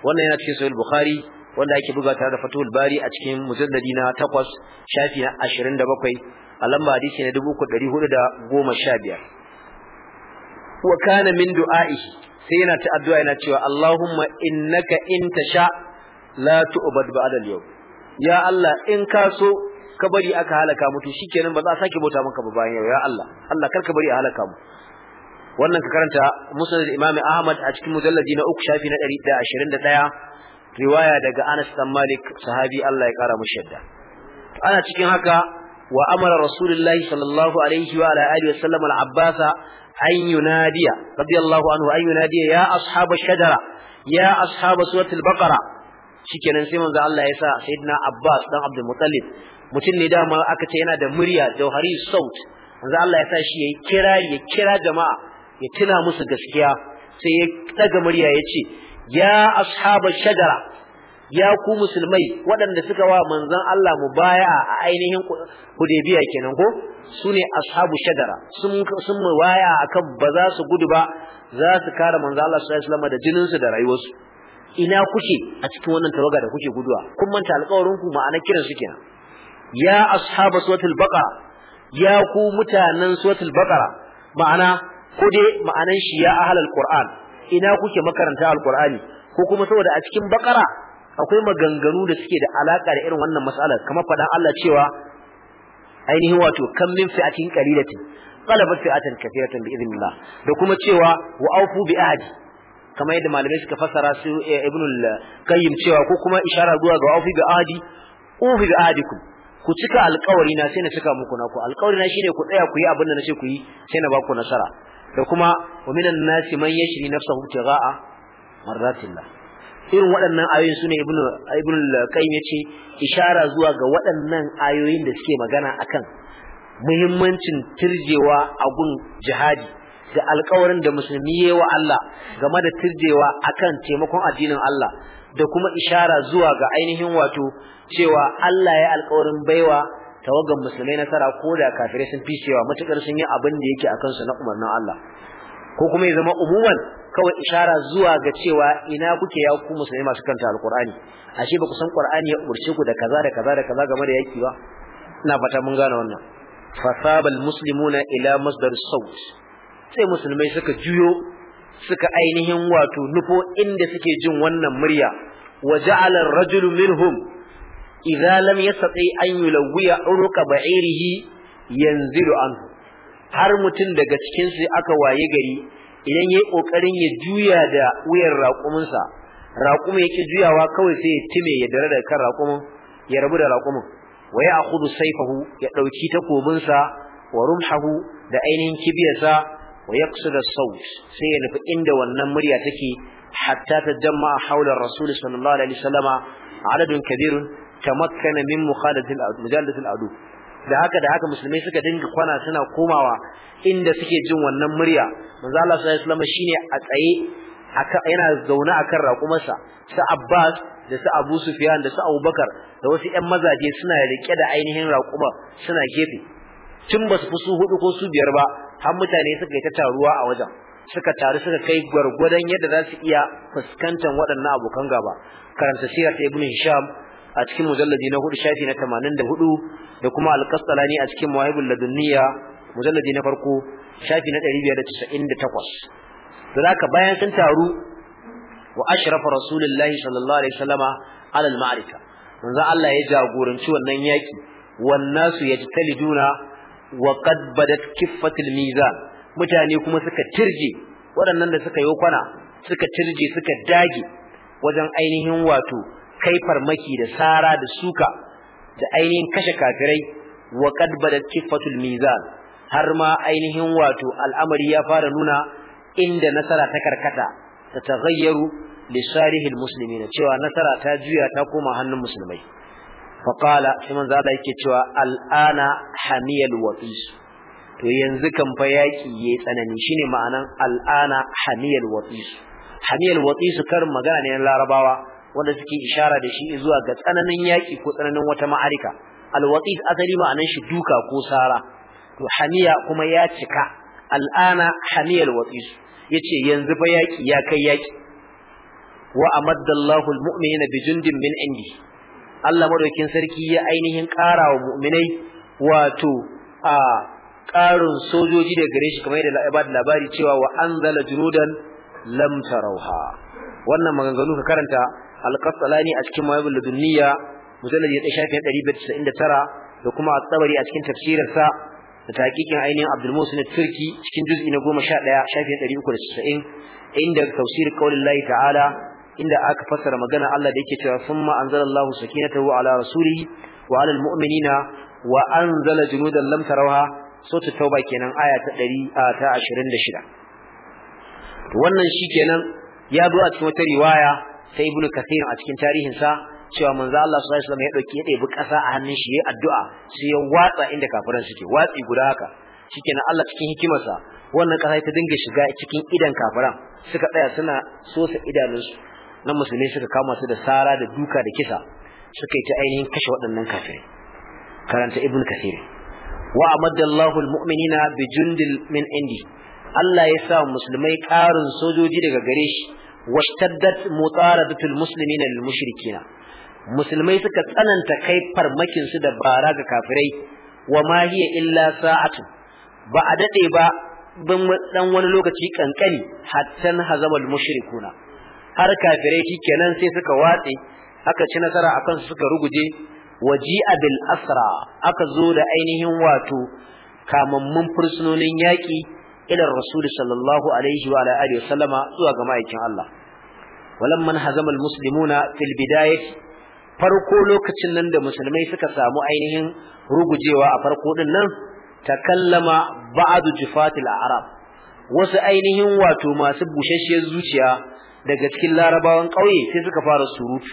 wannan yana cikin sahih bukhari wanda yake buga ta da fatul bari a cikin mujalladi na 8 shafi na 27 a lamba hadisi na 3415 wa kana min du'aihi sai yana ta addu'a yana cewa Allahumma innaka in tasha la tu'bad ba'da al-yawm ya Allah in ka so ka bari aka halaka mu to shikenan ba za a sake bauta maka ba bayan yau ya Allah Allah kar ka bari a halaka mu wannan ka karanta musnad Imami Ahmad a cikin mujallaji na uku shafi na 121 riwaya daga Anas bin Malik sahabi Allah ya kara mu shadda ana cikin haka wa amara rasulullahi sallallahu alaihi wa ala alihi wasallam al-Abbas an yunadiya radiyallahu anhu an yunadiya ya ashab shajara ya ashab suratul baqara shikenan sai manzo Allah ya sa sayyidina Abbas dan Abdul Muttalib mutum ne dama aka ce yana da murya jauhari saut yanzu Allah ya sa shi yayi kira ya kira jama'a ya tuna musu gaskiya sai ya daga murya ya ce ya ashaba shajara ya ku musulmai waɗanda suka wa manzon Allah mu baya a ainihin hudebiya kenan ko sune ashabu shajara sun sun mubaya akan ba za su gudu ba za su kare manzon Allah sallallahu alaihi da jininsu da rayuwarsu ina kuke a cikin wannan tawaga da kuke guduwa kun manta alƙawarin ku ma'ana kiran su kenan ya asaba suratul baqara ya ku mutanen suratul baqara ma'ana ko dai ma'anan shi ya halar qur'an ina kuke makaranta alqur'ani ko kuma saboda a cikin baqara akwai maganganu da suke da alaka da irin wannan mas'alar kamar fadan Allah cewa ainihin wato kan min fi'atin qalilatin qalabat fi'atan kathiratan bi idhnillah da kuma cewa wa aufu bi ahdi kamar yadda malamai suka fassara su eh, ibnul qayyim cewa ko kuma isharar zuwa ga aufu bi ahdi ufi bi ahdikum ku cika alƙawari na sai na cika muku naku alƙawari na shine ku tsaya ku yi abin da nace ku yi sai na baku nasara da kuma wa minan nasi man yashri nafsahu tigha'a marratillah irin waɗannan ayoyin sune ibnu ibnu al-qayyim yace ishara zuwa ga waɗannan ayoyin da suke magana akan muhimmancin tirjewa a jihadi da alƙawarin da musulmi yayi wa Allah game da tirjewa akan taimakon addinin Allah da kuma ishara zuwa ga ainihin wato cewa Allah ya alƙawarin baiwa tawagan musulmai nasara ko da kafirai sun ficewa matukar sun yi abin da yake a kansu na umarnin Allah ko kuma ya zama umuman kawai ishara zuwa ga cewa ina kuke ya ku musulmai masu kanta alqur'ani ashe ba ku san qur'ani ya umarce ku da kaza da kaza da kaza game da yaki ba ina fata mun gane wannan fasabal muslimuna ila masdar sawt sai musulmai suka juyo suka ainihin wato nufo inda suke jin wannan murya wa ja'ala ar-rajulu minhum idza lam yastati an yulawiya uruqa ba'irihi yanzilu anhu har mutum daga cikin su aka waye gari idan yayi kokarin ya juya da wuyar raƙuminsa raƙumi yake juyawa kawai sai ya time ya dare da kan raƙumin ya rabu da raƙumin wa ya akhudhu sayfahu ya dauki takobinsa wa rumhahu da ainihin kibiyarsa wa yaqsidu as-sawt sai ya nufi inda wannan murya take hatta ta jama'a haula rasul sallallahu alaihi wasallama adadun kabirun da haka da haka musulmai suka dinga kwana suna komawa inda suke jin wannan murya manzo Allah sallallahu alaihi wasallama shine a tsaye yana zaune akan raƙumarsa su Abbas da su Abu Sufyan da su Abubakar da wasu ƴan mazaje suna rike da ainihin raƙuma suna gefe tun ba su fi su hudu ko su biyar ba har mutane suka yi ta taruwa a wajen suka taru suka kai gwargwadon yadda za su iya fuskantar waɗannan abokan gaba karanta sirar ta ibn hisham a cikin mujalladi na hudu shafi na tamanin da hudu da kuma Alkastalani a cikin mawahibul ladunniya mujalladi na farko shafi na ɗari biyar da casa'in da takwas da haka bayan sun taru wa ashrafa rasulullahi sallallahu alaihi wasallama alal ma'arika manzo Allah ya jagoranci wannan yaki wannan su yajtaliduna wa qad badat kiffatul mizan mutane kuma suka tirje waɗannan da suka yi kwana suka tirje suka dage wajen ainihin wato kai farmaki da sara da suka da ainihin kashe kafirai wa qad badat kiffatul mizan har ma ainihin wato al'amari ya fara nuna inda nasara ta karkata ta tagayyaru li musulmi muslimin cewa nasara ta juya ta koma hannun musulmai faƙala shi za ta yake cewa al'ana hamiyal waqis to yanzu kan fa yaki yayi tsanani shine ma'anan al'ana hamiyal waqis hamiyal waqis karin magana ne na larabawa wanda suke ishara da shi zuwa ga tsananin yaƙi ko tsananin wata ma'arika al waqis asali ma'anan shi duka ko sara to hamiya kuma ya cika al'ana hamiyal Ya yace yanzu fa yaki ya kai yaki wa amadda Allahu al-mu'minina bi jundin min indi Allah madaukin sarki ya ainihin ƙara wa mu'minai wato a ƙarin sojoji da gare shi kamar yadda ba labari cewa wa anzala junudan lam wannan maganganu ka karanta al-qasalani a cikin mawabul ladunniya mujallad ya shafi 199 da kuma at-tabari a cikin tafsirin sa da taqiqin ainihin Abdul Musin turki cikin juz'i na 11 shafi 390 inda tafsir qaulin ta'ala inda aka fassara magana Allah da yake cewa summa anzalallahu sakinatahu ala rasulihi wa ala almu'minina wa anzala junudan lam tarawha sura tauba kenan aya ta 100 ta 26 wannan shikenan ya zo a cikin wata riwaya sai ibnu kathir a cikin tarihin sa cewa manzo Allah sallallahu alaihi wasallam ya dauki ya ƙasa a hannun shi yayi addu'a sai ya watsa inda kafiran suke watsi guda haka shikenan Allah cikin hikimarsa wannan kasa ta dinga shiga cikin idan kafiran suka tsaya suna sosa idanunsu na musulmi suka kama su da sara da duka da kisa suka yi ta ainihin kashe waɗannan kafirai karanta ibn kathir wa amadallahu almu'minina min indi Allah ya sa musulmai ƙarin sojoji daga gare shi washtaddat mutaradatul muslimina lil mushrikina musulmai suka tsananta kai farmakin su da bara ga kafirai wa ma hiya illa sa'atu ba a dade ba ban dan wani lokaci kankani hattan hazamul mushrikuna har kafirai shikenan sai suka watse aka ci nasara akan su suka ruguje Waji bil asra aka zo da ainihin wato kamammun fursunonin yaki ila rasul sallallahu alaihi wa alihi sallama zuwa ga ma'aikin Allah walamman hazama al muslimuna fil bidayah farko lokacin nan da musulmai suka samu ainihin rugujewa a farko din nan takallama ba'd jifatil arab wasu ainihin wato masu bushashiyar zuciya daga cikin larabawan kauye sai suka fara surutu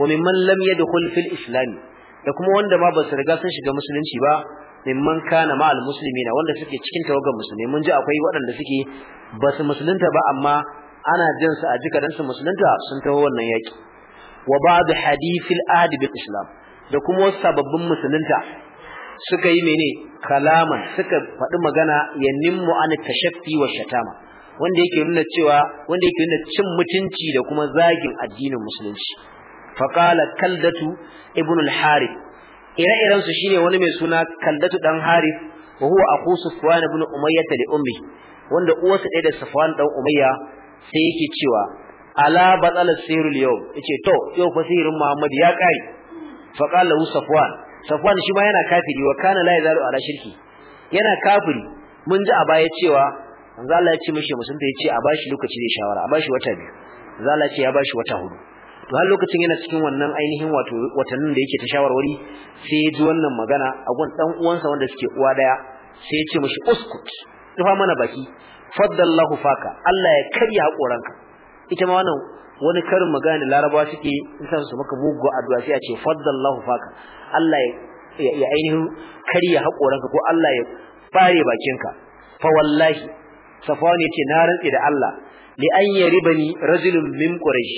wa mimman lam yadkhul fil islam da kuma wanda ma ba su riga sun shiga musulunci ba mimman kana ma al muslimina wanda suke cikin tawagar musulmi mun ji akwai waɗanda suke ba su musulunta ba amma ana jin su a dan su musulunta sun taho wannan yaki wa ba'd hadithil ahd bil islam da kuma wasu sababbin musulunta suka yi mene kalaman suka faɗi magana ya nimmu an tashaffi wa shatama wanda yake nuna cewa wanda yake nuna cin mutunci da kuma zagin addinin musulunci faqala kaldatu ibn al-harith ira iran su shine wani mai suna kaldatu dan harith wa huwa aqu sufwan ibn umayyah li ummi wanda uwarsa ɗaya da sufwan dan umayya sai yake cewa ala batal sirul yawm yace to yau fa muhammad ya kai faqala hu sufwan shi ma yana kafiri wa kana la yazalu ala shirki yana kafiri mun ji a baya cewa manzo Allah ya ce mishi musulunta ya ce a bashi lokaci da shawara a bashi wata biyu manzo Allah ya ce ya bashi wata hudu to har lokacin yana cikin wannan ainihin wato watannin da yake ta shawarwari sai ji wannan magana a gun dan uwansa wanda suke uwa daya sai ya ce mishi uskut tufa mana baki faddallahu faka Allah ya karya hakuranka ita ma wannan wani karin magana da larabawa suke in su maka mugu addu'a sai a ce faddallahu faka Allah ya ainihin karya hakuranka ko Allah ya bare bakinka fa wallahi safwan yace na rantsi da Allah li an ribani rajulun min quraish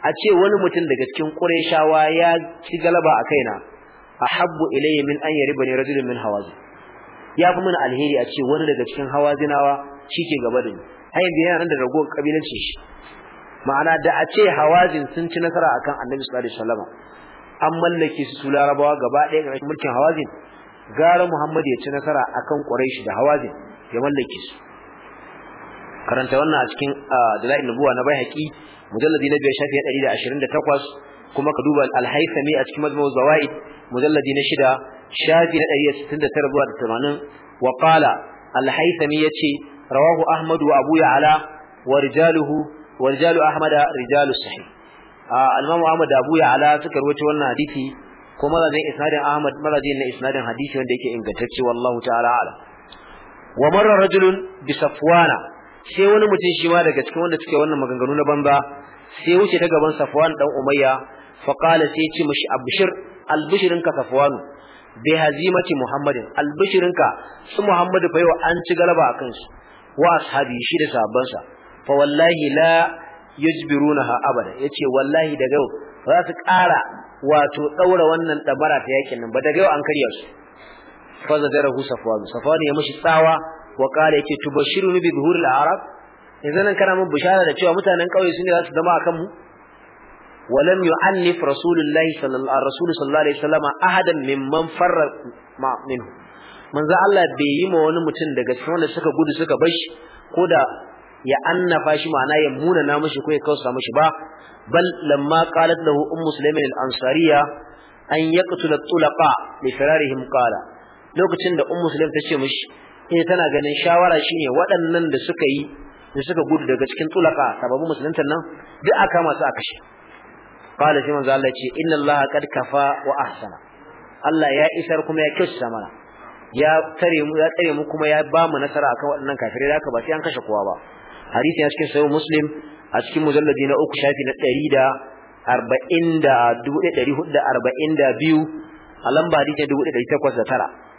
a ce wani mutum daga cikin quraishawa ya ci galaba a kaina ahabbu ilayya min an yaribani rajulun min hawazin ya fi mana alheri a ce wani daga cikin hawazinawa shike gaba da ni har yanzu yana nan da ragowar kabilancin shi ma'ana da a ce hawazin sun ci nasara akan annabi sallallahu alaihi wasallam an mallake su larabawa gaba ɗaya ga mulkin hawazin gara muhammad ya ci nasara akan quraish da hawazin ya mallake su karanta wannan a cikin dalail nubuwa na baihaqi mujalladi na biyar shafi 128 kuma ka duba al-haythami a cikin majmu' zawaid mujalladi na shida shafi na 169 zuwa 80 wa qala al-haythami yace rawahu ahmad wa abu ya'la wa rijaluhu wa rijalu ahmad rijalu sahih al-imam ahmad da abu ya'la suka rawaito wannan hadisi kuma mazajin isnadin ahmad mazajin na isnadin hadisi wanda yake ingantacce wallahu ta'ala a'lam wa marra rajulun bi safwana sai wani mutum shi ma daga cikin wanda suke wannan maganganu na banza sai wuce ta gaban Safwan dan Umayya fa qala sai ce mishi abshir albishirinka Safwanu bi hazimati Muhammadin albishirinka su Muhammadu fa yau an ci galaba akan shi wa ashabi shi da sahabban sa fa wallahi la yajbirunaha abada yace wallahi daga yau za su ƙara wato ɗaura wannan ɗabara ta yakin nan ba daga yau an karya su fa zadarahu Safwan Safwan ya mishi tsawa wa qala yace tubashiruni bi zuhuril arab yanzu nan kana mun bishara da cewa mutanen kauye sun yi za su zama akan mu ولم يعنف رسول الله صلى الله الرسول صلى الله عليه وسلم احدا ممن فر منه manzo Allah bai yi ma wani mutum daga cikin wanda suka gudu suka bashi? ko da ya annafa shi ma'ana ya muna na mishi ko ya kausa mishi ba bal lamma qalat lahu ummu sulaiman al-ansariya an yaqtula tulaqa li firarihim qala lokacin da ummu sulaiman ta ce mishi ita tana ganin shawara shine waɗannan da suka yi da suka gudu daga cikin tulaka sababu musulunta nan duk aka masu aka shi qala shi manzo Allah ce inna Allah qad kafa wa ahsana Allah ya isar kuma ya kissa mana ya tare mu ya tare mu kuma ya ba mu nasara akan waɗannan kafirai da aka ba sai an kashe kowa ba hadisi a cikin sahih muslim a cikin mujalladi na uku shafi na 140 da 142 a lamba hadisi 1809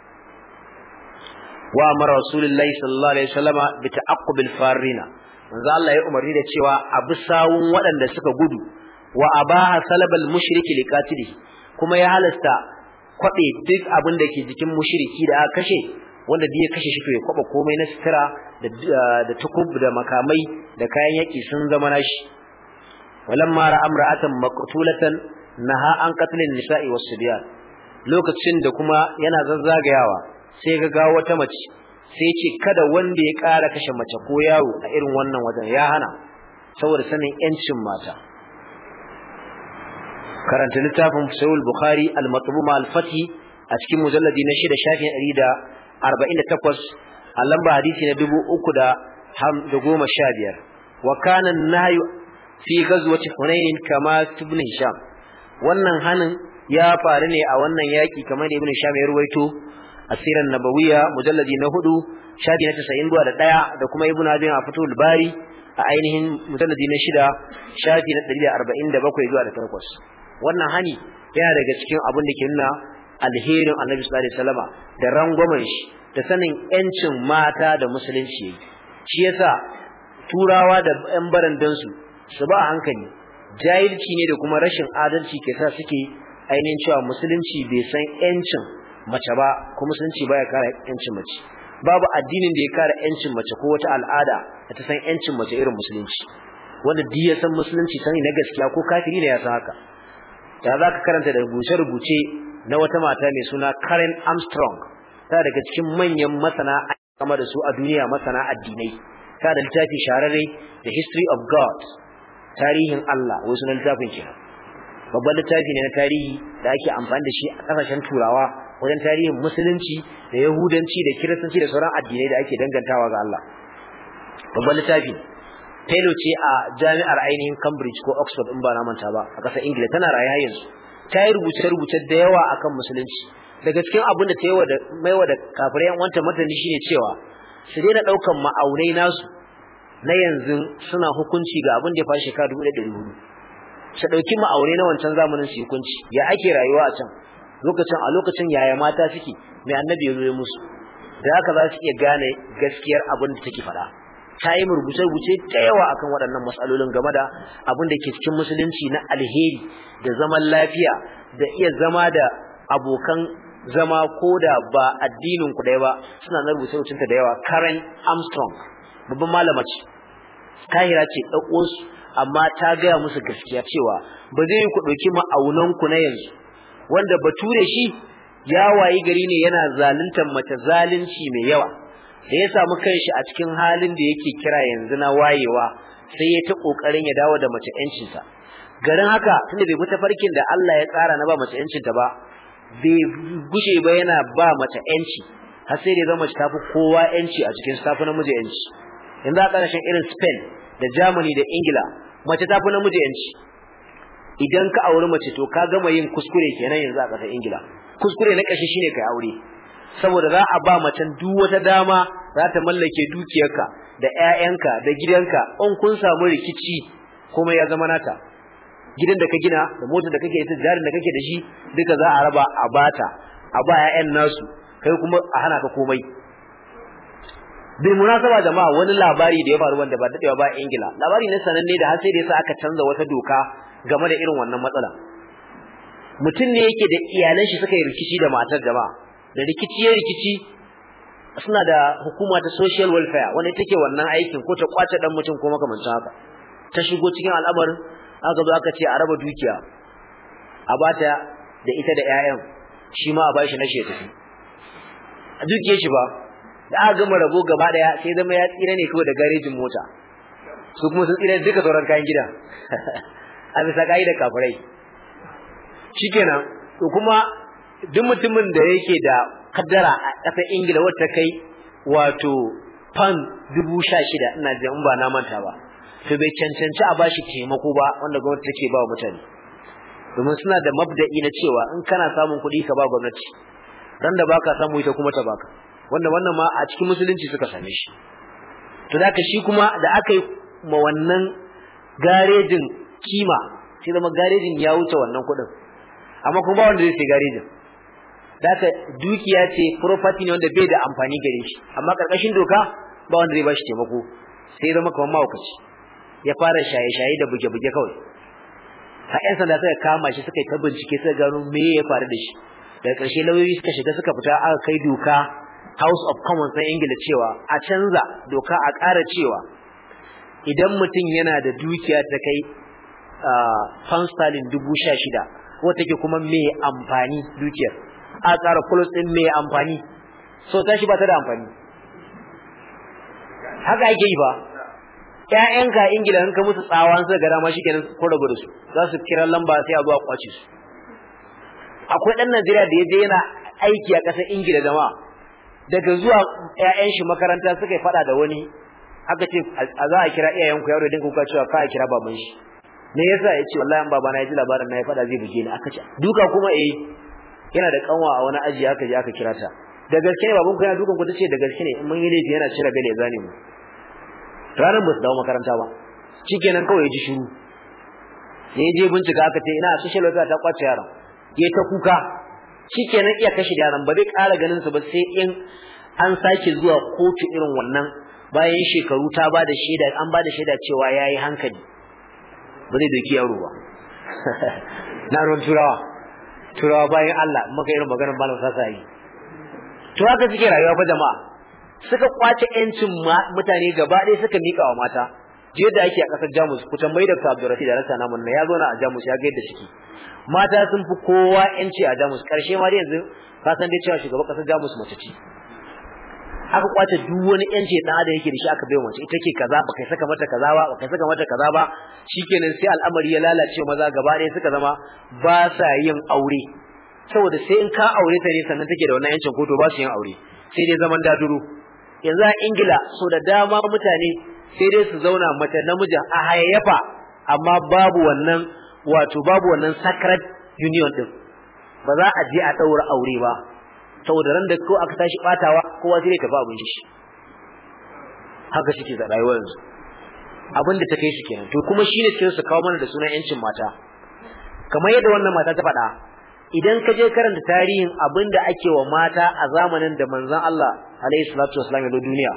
wa amara rasulullahi sallallahu alaihi wasallama bi ta'aqqubil farina manzo Allah ya umarni da cewa abu sawun waɗanda suka gudu wa abaha salabal mushriki liqatili kuma ya halasta kwabe duk abin da ke jikin mushriki da aka kashe wanda da ya kashe shi to ya kwaba komai na sitira da tukub da makamai da kayan yaki sun zama nashi walamma ra'a amra'atan maqtulatan naha an qatlin nisa'i was-sibyan lokacin da kuma yana zazzagayawa sai ga gawo wata mace sai ce kada wanda ya ƙara kashe mace ko yaro a irin wannan wajen ya hana saboda sanin yancin mata karanta littafin sahih bukhari al-matbuma al-fati a cikin mujalladi na 6 shafin 148 a lamba hadisi na 315 wa kana nahyu fi ghazwati hunain kama ibn hisham wannan hanin ya faru ne a wannan yaki kamar ibn hisham ya ruwaito asiran nabawiya mujalladi na hudu shafi na casa'in zuwa da ɗaya da kuma ibn abin a fito bari a ainihin mujalladi na shida shafi na ɗari da arba'in da bakwai zuwa da takwas wannan hani yana daga cikin abin da ke nuna alherin annabi sallallahu alaihi wasallama da rangwamen shi da sanin yancin mata da musulunci yayi shi yasa turawa da yan barandansu su ba hankali jahilci ne da kuma rashin adalci ke sa suke ainihin cewa musulunci bai san yancin mace ba ko musulunci baya kare yancin mace babu addinin da ya kare yancin mace ko wata al'ada da ta san yancin mace irin musulunci wanda duk ya san musulunci sani na gaskiya ko kafiri ne ya san haka ya za ka karanta da rubuce-rubuce na wata mata mai suna Karen Armstrong ta daga cikin manyan masana kama da su a duniya masana addinai ta da littafi sharare The History of God tarihin Allah wai sunan littafin kenan babban littafi ne na tarihi da ake amfani da shi a kasashen turawa wajen tarihin musulunci da yahudanci da kiristanci da sauran addinai da ake dangantawa ga Allah babban littafi Taylor ce a jami'ar ainihin Cambridge ko Oxford in ba na manta ba a ƙasar Ingila tana rayuwa yanzu ta yi rubuce-rubuce da yawa akan musulunci daga cikin abin da ta yi da maiwa da kafirai yan wanta matani shine cewa su daina ɗaukan ma'aunai nasu na yanzu suna hukunci ga abin da ya faru shekara dubu ɗaya da dubu su ɗauki ma'aunai na wancan zamanin su hukunci ya ake rayuwa a can lokacin a lokacin yaya mata suke mai annabi ya zo musu da haka za su iya gane gaskiyar abin da take faɗa ta yi rubuce-rubuce ta yawa akan waɗannan matsalolin game da abin da ke cikin musulunci na alheri da zaman lafiya da iya zama da abokan zama ko da ba addinin ku ɗaya ba suna na rubuce ta da yawa Karen Armstrong babban malamaci kahira ce ɗauko amma ta gaya musu gaskiya cewa ba zai ku ɗauki ma'aunan ku na yanzu wanda ba ture shi ya wayi gari ne yana zaluntar mace zalunci mai yawa da ya samu shi a cikin halin da yake kira yanzu na wayewa sai ya ta kokarin ya dawo da mace yancinsa garin haka tunda bai bi farkin da Allah ya tsara na ba mace yancinta ba bai gushe ba yana ba mace yanci har sai da zama ta fi kowa yanci a cikin tafi namiji yanci yanzu a karshen irin Spain da Germany da Ingila mace ta fi namiji yanci idan ka auri mace to ka gama yin kuskure kenan yanzu a ƙasar ingila kuskure na ƙarshe shine kai aure saboda za a ba macen duk wata dama za ta mallake dukiyarka da ƴaƴanka da gidanka in kun samu rikici kuma ya zama nata gidan da ka gina da motar da kake ita jarin da kake da shi duka za a raba a bata a ba ƴaƴan nasu kai kuma a hana ka komai bai munasaba jama'a wani labari da ya faru wanda ba daɗewa ba a ingila labari na sananne da har sai da yasa aka canza wata doka game da irin wannan matsala mutum ne yake da iyalan shi suka yi rikici da matar jama'a da rikici ya rikici suna da hukuma ta social welfare wanda take wannan aikin ko ta kwace dan mutum ko makamanta haka ta shigo cikin al'amarin aka zo aka ce a raba dukiya a bata da ita da ƴaƴan shi ma a bashi na shekaru a dukiyar shi ba da aka gama rabo gaba daya sai zama ya tsira ne kawai da garejin mota su kuma sun tsira duka sauran kayan gida a bisa da kafirai shikenan to kuma duk mutumin da yake da kaddara a kasar Ingila wata kai wato fan dubu sha shida ina jiya in ba na manta ba to bai cancanci a ba shi taimako ba wanda gwamnati take ba mutane domin suna da mabda'i na cewa in kana samun kuɗi ka ba gwamnati ran da baka samu ita kuma ta baka wanda wannan ma a cikin musulunci suka same shi to da shi kuma da aka yi ma wannan garejin kima sai zama garejin ya wuce wannan kuɗin amma kuma ba wanda zai sai garejin dukiya ce property ne wanda bai da amfani gare shi amma karkashin doka ba wanda zai bashi taimako sai zama kamar mawukaci ya fara shaye-shaye da buge-buge kawai a yan sanda suka kama shi suka yi ta bincike suka gano me ya faru da shi daga ƙarshe lauyoyi suka shiga suka fita aka kai doka House of Commons na Ingila cewa a canza doka a ƙara cewa idan mutum yana da dukiya ta kai fansalin dubu sha shida wata ke kuma mai amfani dukiyar a tsara kulus din mai amfani so shi ba ta da amfani haka ake yi ba ƴaƴanka ingila in ka musu tsawa suka ga dama shikenan ko rabu da su za su kira lamba sai a zuwa kwace su akwai ɗan najeriya da ya je yana aiki a ƙasar ingila jama'a daga zuwa ƴaƴan shi makaranta suka yi faɗa da wani haka ce a za a kira iyayen ku yaro dinka kuka cewa ka kira baban shi me yasa ya ce wallahi baba na ya ji labarin na ya fada zai buge ni aka ce duka kuma eh yana da kanwa a wani aji aka je aka kira ta da gaske ne ku yana dukan ku tace da gaske ne in mun yi laifi yana cire gale ya zane mu ranar ba su dawo makaranta ba shikenan kawai ya ji shiru ne je bincika aka ce ina social worker ta kwace yaron ke ta kuka shikenan iya kashe yaron ba zai ƙara ganin su ba sai in an sake zuwa kotu irin wannan bayan shekaru ta ba da shaida an ba da shaida cewa yayi hankali ba zai doki yaro ba na ruwan turawa turawa bayan Allah maka irin ba malam sasa yi to haka suke rayuwa fa jama'a suka kwace yancin mutane gaba ɗaya suka mika wa mata je da ake a ƙasar Jamus ku tambayi da Abdurrafi da rasa namun na ya zo na a Jamus ya ga yadda shi mata sun fi kowa yanci a Jamus ƙarshe ma dai yanzu ka san dai cewa shugaban ƙasar Jamus mace ce aka kwace duk wani yanci da da yake da shi aka bai mace ita ke kaza ba kai saka mata kaza ba ba kai saka mata kaza ba shikenan sai al'amari ya lalace maza gaba ɗaya suka zama ba sa yin aure saboda sai in ka aure ta ne sannan take da wannan yancin kotu ba su yin aure sai dai zaman daduru yanzu a Ingila so da dama mutane sai dai su zauna mace namijin a hayayyafa amma babu wannan wato babu wannan sacred union din ba za a je a daura aure ba saboda ran da ko aka tashi batawa kowa zai ba abin shi haka suke da rayuwar yanzu abin da ta kai shi kenan to kuma shine cikin su kawo mana da sunan yancin mata kamar yadda wannan mata ta faɗa idan ka je karanta tarihin abin da ake wa mata a zamanin da manzon Allah alaihi salatu wasallam ya duniya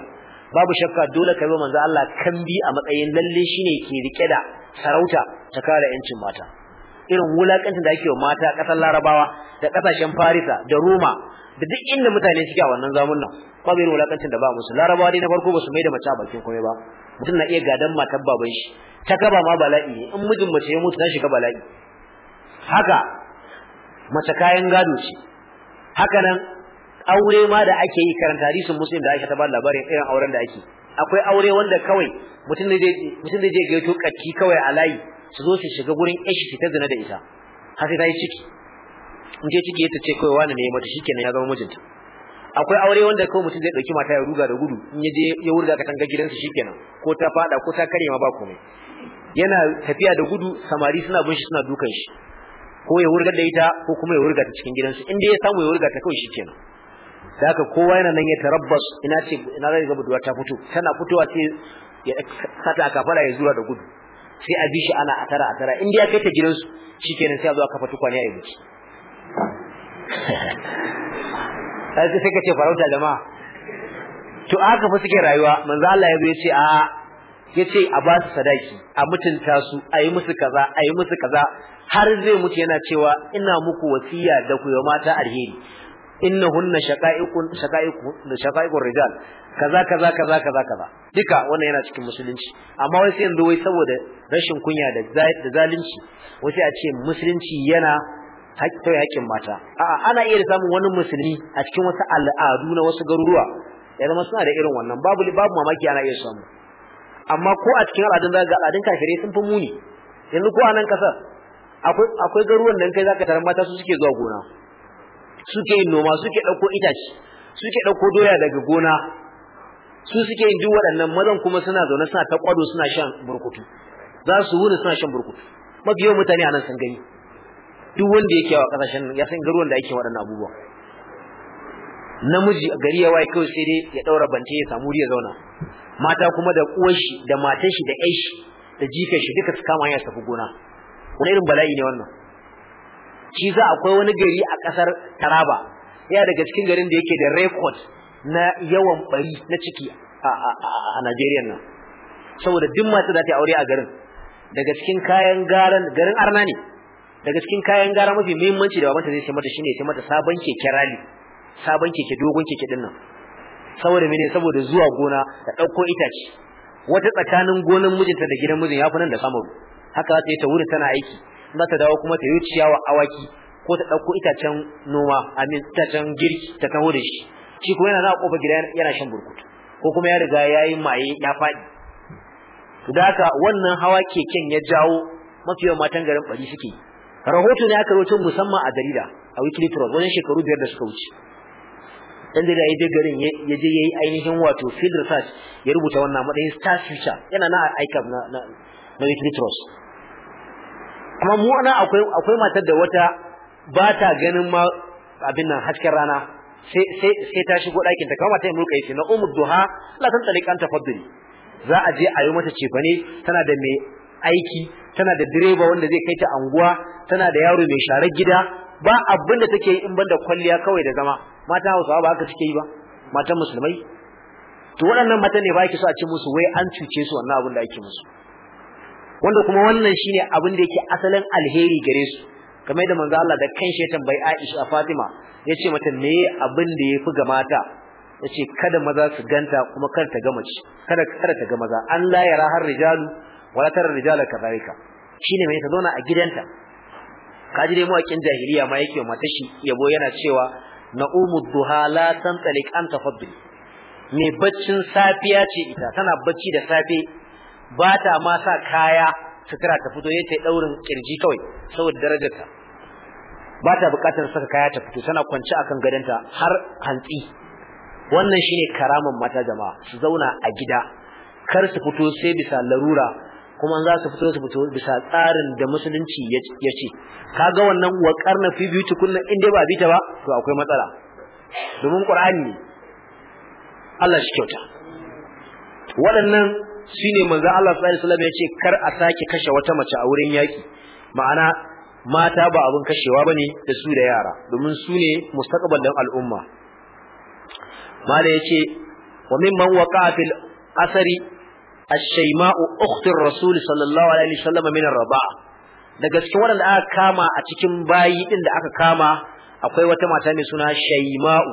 babu shakka dole ka zo manzon Allah kan kambi a matsayin lalle shine ke rike da sarauta ta kare yancin mata irin wulakancin da ake wa mata a ƙasar Larabawa da ƙasashen Farisa da Roma da duk inda mutane suke a wannan zamun nan ba bai wulakancin da ba musu larabawa dai na farko ba su mai da mace a bakin kome ba mutum na iya gadan matar baban shi ta kaba ma bala'i in mijin mace ya mutu ta shiga bala'i haka mace kayan gado ce haka nan aure ma da ake yi karanta hadisin muslim da Aisha ta labarin irin auren da ake akwai aure wanda kawai mutum ne mutum ne je ga kawai a layi su zo su shiga gurin ishi ta zina da ita har sai ta yi ciki in je ciki ta ce kai wani ne mata shikenan ya zama mijinta akwai aure wanda kawai mutum zai dauki mata ya ruga da gudu in ya je ya wurga ka tanga gidansa shikenan ko ta fada ko ta kare ma ba komai yana tafiya da gudu samari suna bin shi suna dukan shi ko ya wurga da ita ko kuma ya wurga ta cikin gidansu in dai ya samu ya wurga ta kawai shikenan da haka kowa yana nan ya tarabbas ina ce ina zai ga budurwa ta fito tana fitowa sai ya sata a kafara ya zura da gudu sai a bi shi ana atara atara in dai ya kai ta gidansu shikenan sai a zo a kafa tukwane a yi biki sai ka ce farauta jama'a to aka fi suke rayuwa manzo Allah ya ce a ya a ba su sadaki a mutunta su a yi musu kaza a yi musu kaza har zai mutu yana cewa ina muku wasiya da ku yi mata alheri innahunna shaqa'iqun shaqa'iqun shaqa'iqur rijal kaza kaza kaza kaza kaza duka wannan yana cikin musulunci amma wasu yanzu wai saboda rashin kunya da zalunci wasu a ce musulunci yana tauye haƙƙin mata a'a ana iya samun wani musulmi a cikin wasu al'adu na wasu garuruwa ya zama suna da irin wannan babu babu mamaki ana iya samu amma ko a cikin al'adun zaka ga al'adun kafirai sun fi muni yanzu ko a nan kasar akwai akwai garuruwan nan kai zaka tarar mata su suke zuwa gona suke yin noma suke dauko itace suke dauko doya daga gona su suke yin duk waɗannan mazan kuma suna zaune suna ta kwado suna shan burkutu za su wuni suna shan burkutu mafi yawan mutane a nan sun gani duk wanda yake wa kasashen ya san garuwan da ake waɗannan abubuwa namiji gari ya waye kawai sai dai ya daura bance ya samu ya zauna mata kuma da uwar shi da matan shi da ƴar shi da jikan shi duka su kama hanya su tafi gona wani irin bala'i ne wannan shi za akwai wani gari a kasar Taraba yana daga cikin garin da yake da record na yawan bari na ciki a Najeriya nan saboda duk mata da ta aure a garin daga cikin kayan garan garin arna ne daga cikin kayan gara mafi muhimmanci da babanta zai sai mata shine ya sai mata sabon keke rali sabon keke dogon keke din nan saboda mene saboda zuwa gona da dauko itace wata tsakanin gonan mijinta da gidan mijin yafi nan da samaru haka za ta yi ta wuri tana aiki za ta dawo kuma ta yi ciyawa awaki ko ta dauko itacen noma amin itacen girki ta kawo da shi shi kuma yana za a kofa gida yana shan burkutu ko kuma ya riga yayi maye ya faɗi? to da haka wannan hawa keken ya jawo mafi matan garin bari suke yi rahoto ne aka rawaito musamman a jarida a weekly press wajen shekaru biyar da suka wuce dan da ya je garin ya je yayi ainihin wato field research ya rubuta wannan matsayin star future yana na aika na na weekly press amma mu ana akwai matar da wata ba ta ganin ma abin nan hasken rana sai sai ta shigo ɗakin ta kama ta mulka yace na umud duha la tan talikan za a je a yi mata cefane tana da mai aiki tana da direba wanda zai kai ta anguwa tana da yaro mai sharar gida ba abin da take yi in banda kwalliya kawai da zama mata Hausawa ba haka suke yi ba matan musulmai to waɗannan mata ne ba yake so a ce musu wai an cuce su wannan abin da ake musu wanda kuma wannan shine abin da yake asalin alheri gare su kamar da manzo Allah da kanshi ya tambayi Aisha Fatima yace mata me abin da yafi ga mata yace kada maza su ganta kuma kada ta ga mace kada kada ta ga maza an la yara har rijalu wala tarar rijala kadhalika shine mai ta zauna a gidanta kaji dai mu a kin jahiliya ma yake mata shi yabo yana cewa na'umu duha la tantalik an tafaddul mai baccin safiya ce ita tana bacci da safe ba ta ma sa kaya sutura ta fito yace daurin kirji kawai saboda darajarta ba ta bukatar saka kaya ta fito tana kwance akan gadonta har hantsi wannan shine karaman mata jama'a su zauna a gida kar su fito sai bisa larura kuma za su fito su fito bisa tsarin da musulunci ya ce kaga wannan wa karna fi biyu tukunna in dai ba bi ta ba to akwai matsala domin qur'ani Allah shi kyauta waɗannan ne manzo Allah sallallahu alaihi wasallam ya ce kar a sake kashe wata mace a wurin yaki ma'ana mata ba abin kashewa bane da su da yara domin su ne mustaqbalin al'umma mala yace wa mimman waqa fil asari الشيماء shaima'u الرسول rasul الله عليه وسلم من rabaa daga cikin waɗanda aka kama a cikin bayi din da aka kama akwai wata mata mai suna shaima'u,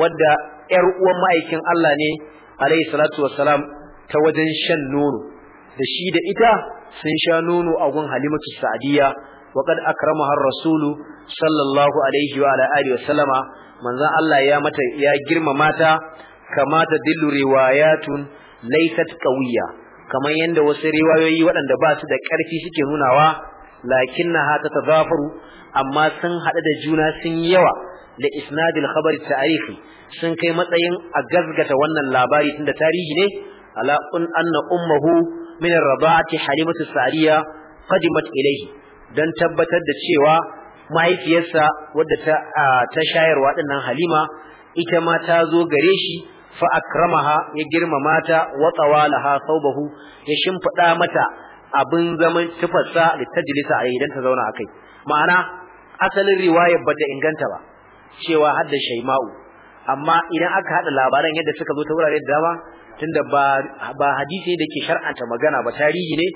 wadda 'yar uwan ma'aikin Allah ne alayhi salatu wassalam ta wajen shan nono da shi da ita sun sha nono a gun halimatu sa'diya wa kad akramaha rasulu sallallahu alaihi wa alihi wa sallama manzon Allah ya mata ya girmama mata kama ta dillu riwayatun laysat qawiyya kamar yanda wasu riwayoyi waɗanda ba su da ƙarfi suke nunawa lakinnaha zafaru, amma sun hada da juna sun yawa da isnadil khabari tarihi sun kai matsayin a gazgata wannan labari tunda tarihi ne ala kun anna ummuhu min ar-rada'ati halimatu sariya qadimat ilayhi dan tabbatar da cewa mahaifiyarsa wadda ta ta shayarwa dinnan halima ita ma ta zo gare shi fa akramaha ya girmama ta wa tsawalaha saubahu ya shimfida mata abin zaman tufarsa da tajlisa a idan ta zauna akai ma'ana asalin riwayar bata inganta ba cewa hadda shaima'u amma idan aka hada labaran yadda suka zo ta wurare da dama tunda ba ba hadisi ne dake shar'anta magana ba tarihi ne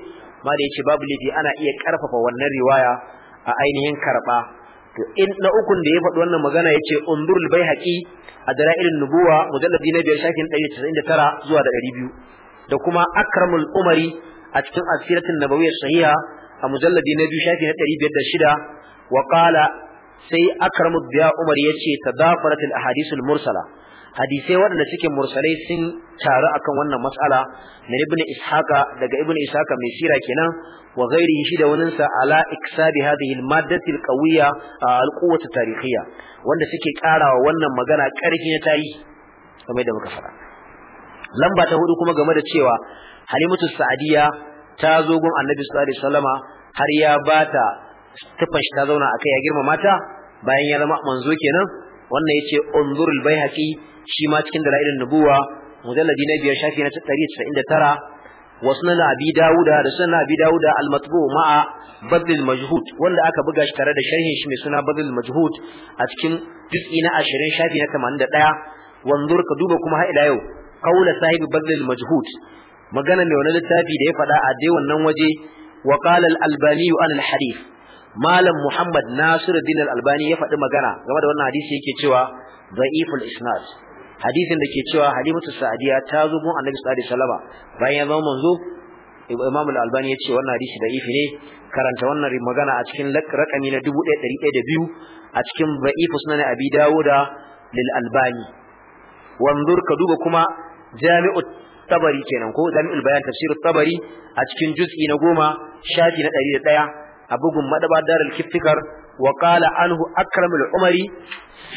ma da yace babu ana iya karfafa wannan riwaya a ainihin karba to in na ukun da ya faɗi wannan magana yace unzurul baihaqi a dalailin nubuwa mujalladi na biyar shafin 199 zuwa da 200 da kuma akramul umari a cikin asiratin nabawiyyah sahiha a mujalladi na biyu shafi na 506 wa qala sai akramud biya umar yace tadafarat al ahadithul mursala hadisai waɗanda suke mursalai sun taru akan wannan matsala na ibnu ishaqa daga ibnu ishaqa mai sira kenan wa ghairihi shi da wani sa ala iksabi hadhihi al-maddati al-qawiyya al-quwwati tarihiyya wanda suke karawa wannan magana karfi na tarihi da muka lamba ta hudu kuma game da cewa halimatu sa'diya ta zo gun annabi sallallahu alaihi har ya bata tufan shi ta zauna akai ya girmama ta bayan ya zama manzo kenan wannan yace unzurul bayhaqi shi ma cikin dalailin nubuwa mujalladi na biyar shafi na 199 wasna nabi dauda da sunan nabi dauda al-matbu ma'a badil majhud wanda aka buga shi tare da sharhin shi mai suna badil majhud a cikin dutse na 20 shafi na 81 wanzur ka duba kuma har ila yau qaula sahibi badil majhud magana mai wani littafi da ya faɗa a dai wannan waje wa qala al-albani an al malam muhammad nasiruddin al-albani ya faɗi magana game da wannan hadisi yake cewa da'iful isnad hadisin da ke cewa halimatu sa'adiya ta zo gun annabi sallallahu alaihi wasallam bayan ya zama manzo imam al-albani ya ce wannan hadisi da'ifi ne karanta wannan magana a cikin rakami na 1102 a cikin da'ifu sunan abi da lil albani wanzur ka duba kuma Jami'u tabari kenan ko jami'ul bayan tafsir tabari a cikin juz'i na goma shafi na 101 a bugun madaba darul kiftikar wa qala anhu akramul umari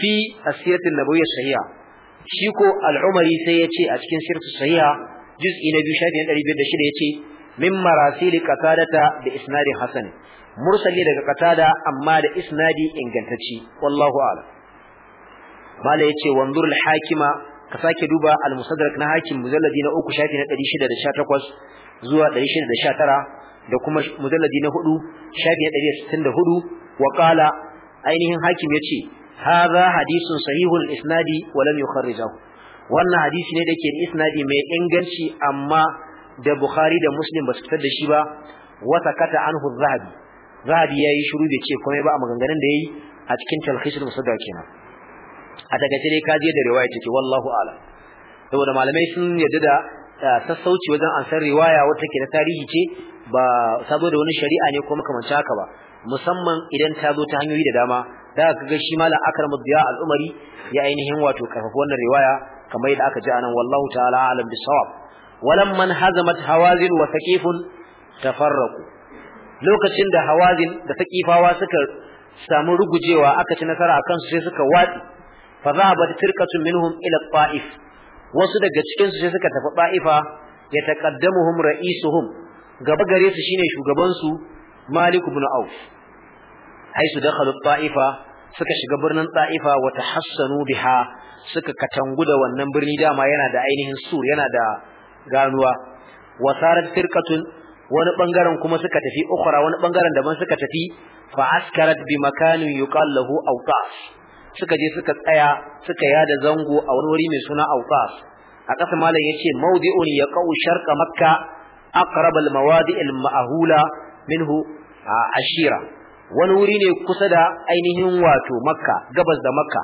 fi asiratin nabawiyyah sahiha shi ko al'umari sai ya ce a cikin sirtu sahiha juz'i na biyu shafi na ɗari biyar da shida ya ce min marasili qatadata da isnadi hasan mursali daga qatada amma da isnadi ingantacci wallahu a'lam mala yace wanzur al-hakima ka sake duba al-musaddarak na hakim mujalladi na uku shafi na 618 zuwa 619 da kuma mujalladi na hudu shafi na 164 wa qala ainihin hakim yace هذا حديث sahihul isnadi wa يخرجه wannan hadisi ne da ke isnadi mai inganci amma da bukhari da muslim ba su fitar da shi ba wa sakata anhu zahabi zahabi yayi shiru da ce komai ba a maganganun da yayi a cikin talhisul musaddaq kenan a daga ka kaje da riwaya take wallahu a'lam saboda malamai sun yadda da sassauci wajen ansar riwaya wata ke da tarihi ce ba saboda wani shari'a ne ko makamancin haka ba musamman idan ta zo ta hanyoyi da dama da aka ga shi ma akramu diya al-umari ya ainihin wato karfafu wannan riwaya kamar yadda aka ji anan wallahu ta'ala alam bisawab walam man hazamat hawazin wa thaqifun tafarraqu lokacin da hawazin da thaqifawa suka samu rugujewa aka ci nasara akan su sai suka watsi fa zahabat firqatun minhum ila ta'if wasu daga cikin su sai suka tafi ta'ifa yataqaddamuhum ra'isuhum gaba gare su shine shugaban su malik ibn auf haisu dakhalu ta'ifa suka shiga birnin ta'ifa wa tahassanu biha suka katangu da wannan birni dama yana da ainihin sur yana da ganuwa wa sarat firqatun wani bangaren kuma suka tafi ukhra wani bangaren daban suka tafi fa askarat bi makanin yuqal lahu awqas suka je suka tsaya suka yada zango a wani wuri mai suna awqas a ƙasa malam yace mawdi'un yaqau sharqa makka aqrab al mawadi' al ma'hula minhu ashira wani wuri ne kusa da ainihin wato makka gabas da makka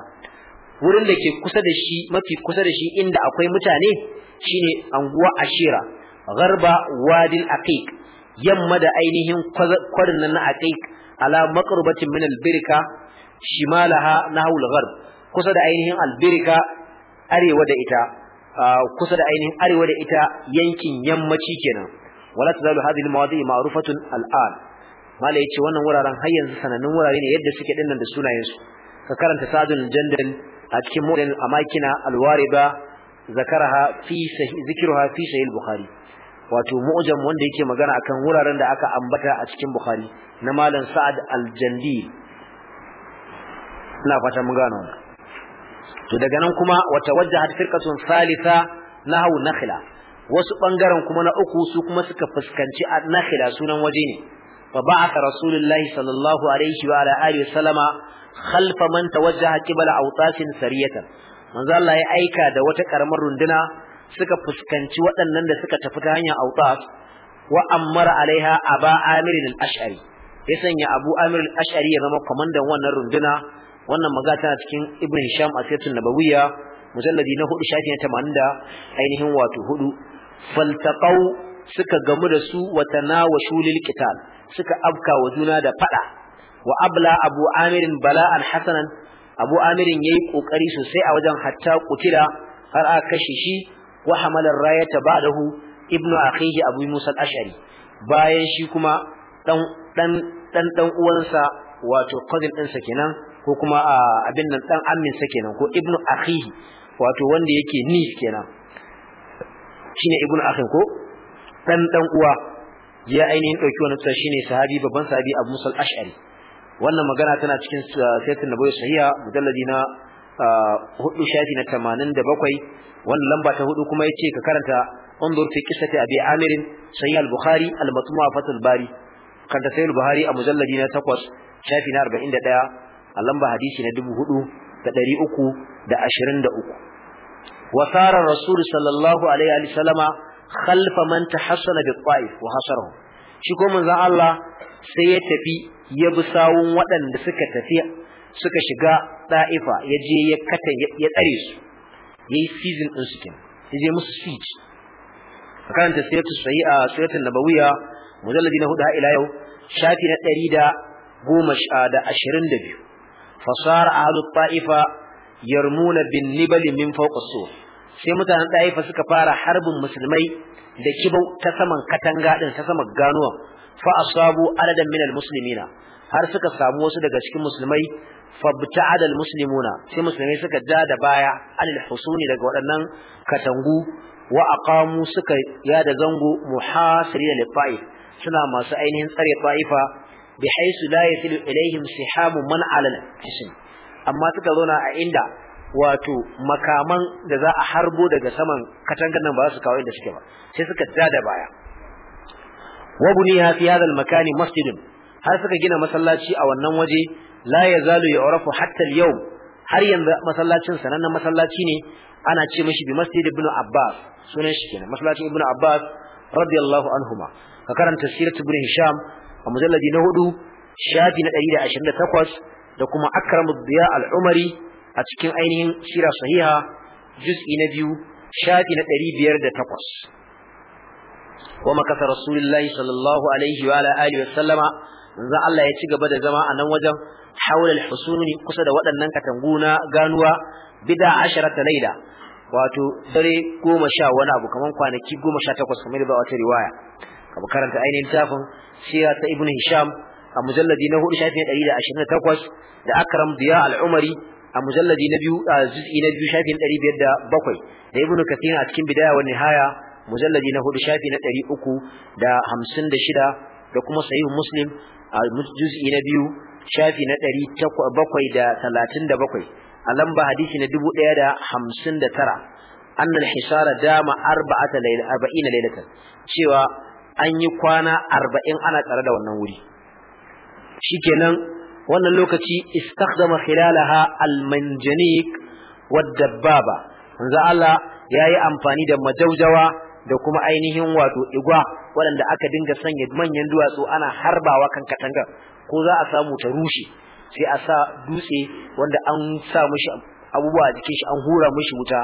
wurin da ke kusa da shi mafi kusa da shi inda akwai mutane shine anguwa ashira Garba, wadin aqiq yamma da ainihin kwarin nan na aqiq ala maqrubatin min albirka shimalaha nahul gharb kusa da ainihin albirka arewa da ita kusa da ainihin arewa da ita yankin yammaci kenan wala tazalu hadhihi almawadi ma'rufatun al'an malai yace wannan wuraren har yanzu sanannun wurare ne yadda suke dinnan da sunayen su ka karanta sadun jandal a cikin mu'min amakina alwariba zakaraha fi sahih zikruha fi sahih bukhari wato mu'jam wanda yake magana akan wuraren da aka ambata a cikin bukhari na malam sa'ad al-jandi ina fata mun gano to daga nan kuma wata wajjahat firqatun salisa nahu nakhla wasu bangaren kuma na uku su kuma suka fuskanci nakhila sunan waje ne fa ba'atha rasulullahi sallallahu alaihi wa ala alihi wasallama khalfa man tawajjaha qibala awtasin sariyatan manzo Allah ya aika da wata karamar runduna suka fuskanci waɗannan da suka tafi ta hanyar awtas wa ammara alaiha aba amir ashari ya sanya abu amir al-ash'ari ya zama komandan wannan runduna wannan maga tana cikin ibn sham a sirrin nabawiyya mujalladi na 4 shafi na 80 ainihin wato hudu faltaqau suka gamu da su wa tanawashu lil suka afka wa juna da fada wa abla abu amirin bala'an hasanan abu amirin yayi kokari sosai a wajen hatta kutila har aka kashe shi wa hamalar rayata ba'dahu ibnu akhihi abu musa al-ashari bayan shi kuma dan dan dan dan uwansa wato din ɗinsa kenan ko kuma abin nan dan ammin sa kenan ko ibnu akhihi wato wanda yake ni kenan shine ibnu akhin ko dan dan uwa ya ainihin dauki wannan tsari shine sahabi babban sahabi Abu Musa al-Ash'ari wannan magana tana cikin uh, sayyidin nabawi sahiya. mujalladi na uh, hudu shafi na 87 wannan lamba ta hudu kuma yace ka karanta undur fi qissati abi amir sahih al-bukhari al-matmu'a fatul bari kanta sahih al-bukhari a mujalladi na 8 shafi na 41 a lamba hadisi na 4323 wasara rasul sallallahu alaihi wa sallama khalfa man tahassana bi ta'if wa hasarahu shi ko manzo Allah sai ya tafi ya bi sawun waɗanda suka tafi suka shiga da'ifa ya je ya kata ya tsare su yayi season din su kin ya je musu siege karanta siratu sayi'a suratul nabawiyya mujalladi na hudu ila yau shafi na ɗari da goma da ashirin da biyu fasara ahlu ta'ifa yarmuna bin nibali min fawqa sai mutanen ɗaifa suka fara harbin musulmai da kibau ta saman katanga din ta saman ganuwa fa asabu aladan min almuslimina har suka samu wasu daga cikin musulmai fabta'ada almuslimuna sai musulmai suka ja da baya alil husuni daga waɗannan katangu wa aqamu suka yada zango muhasirina lil suna masu ainihin tsare ta'ifa bihaisu la yasilu ilaihim sihabu man ala amma suka zauna a inda wato makaman da za a harbo daga saman katangar nan ba su kawo inda suke ba sai suka da da baya wa buniya fi hadha makani masjidun har suka gina masallaci a wannan waje la yazalu yu'rafu hatta al-yawm har yanzu masallacin sanannen masallaci ne ana ce mishi bi masjid ibn abbas sunan shi kenan masallacin ibn abbas radiyallahu anhuma ka karanta sirat ibn hisham a mujalladi na hudu shafi na 128 da kuma akramu diya al-umari a cikin ainihin sira sahiha juz'i na biyu shafi na ɗari biyar da takwas wa makasa rasulullahi sallallahu alaihi wa ala alihi wa sallama Allah ya ci gaba da zama a nan wajen haula al-husuni kusa da waɗannan katangu na ganuwa bida asharata laila wato dare goma sha wani abu kaman kwanaki goma sha takwas kamar da wata riwaya kamar karanta ainihin tafin sira ta ibnu hisham a mujalladi na hudu shafi ɗari da ashirin da takwas da akram biya al-umari a mujalladi na biyu a juz'i na biyu shafin 507 da ibnu kathir a cikin bidaya wa nihaya mujalladi na hudu shafi na 356 da kuma sahih muslim a juz'i na biyu shafi na 737 a lamba hadisi na 1059 dama الحصار دام أربعة laylatan cewa an yi kwana 40 ana tsare da wannan wuri shikenan wannan lokaci istakhdama khilalaha almanjanik wad-dabbaba manzo Allah yayi amfani da majaujawa da kuma ainihin wato igwa waɗanda aka dinga sanya manyan duwatsu ana harbawa kan katangar ko za a samu ta rushe sai a sa dutse wanda an sa mishi abubuwa a jikin shi an hura mishi wuta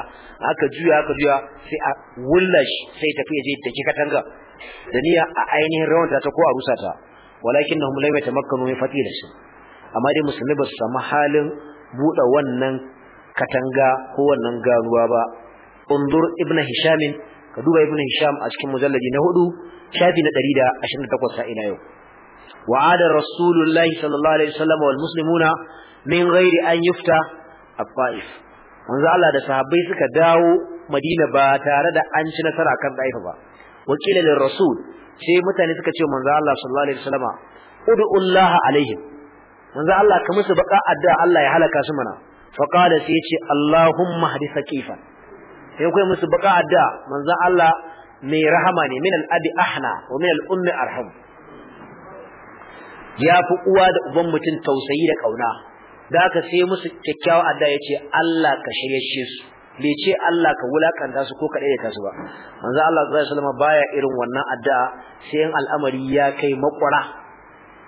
aka juya aka juya sai a wulla shi sai tafi ya je da ki katanga da niyya a ainihin rawanta ta ko a rusa ta walakinnahum lam yatamakkanu min fatilati amma dai musulmi ba su samu halin buɗe wannan katanga ko wannan ganuwa ba undur ibn hisham ka duba ibn hisham a cikin mujalladi na hudu shafi na 128 a ina yau وعاد رسول الله صلى الله عليه وسلم والمسلمون من غير أن يفتح الطائف manzo Allah da sahabbai suka dawo Madina ba tare da an ci nasara kan Taif ba wakila lil rasul sai mutane suka ce manzo Allah sallallahu alaihi wasallama ud'u Allah alaihim manzo Allah ka musu baka addu'a Allah ya halaka su mana fa qala sai yace Allahumma hadi saqifa sai kai musu baka addu'a manzo Allah mai rahama ne min al-abi ahna wa min al-ummi arham ya fi uwa da uban mutum tausayi da kauna da aka sai musu kyakkyawa addu'a yace Allah ka shiryashe su bai ce Allah ka wulakanta su ko ka daidaita su ba manzo Allah sallallahu alaihi wasallam baya irin wannan addu'a sai in al'amari ya kai makwara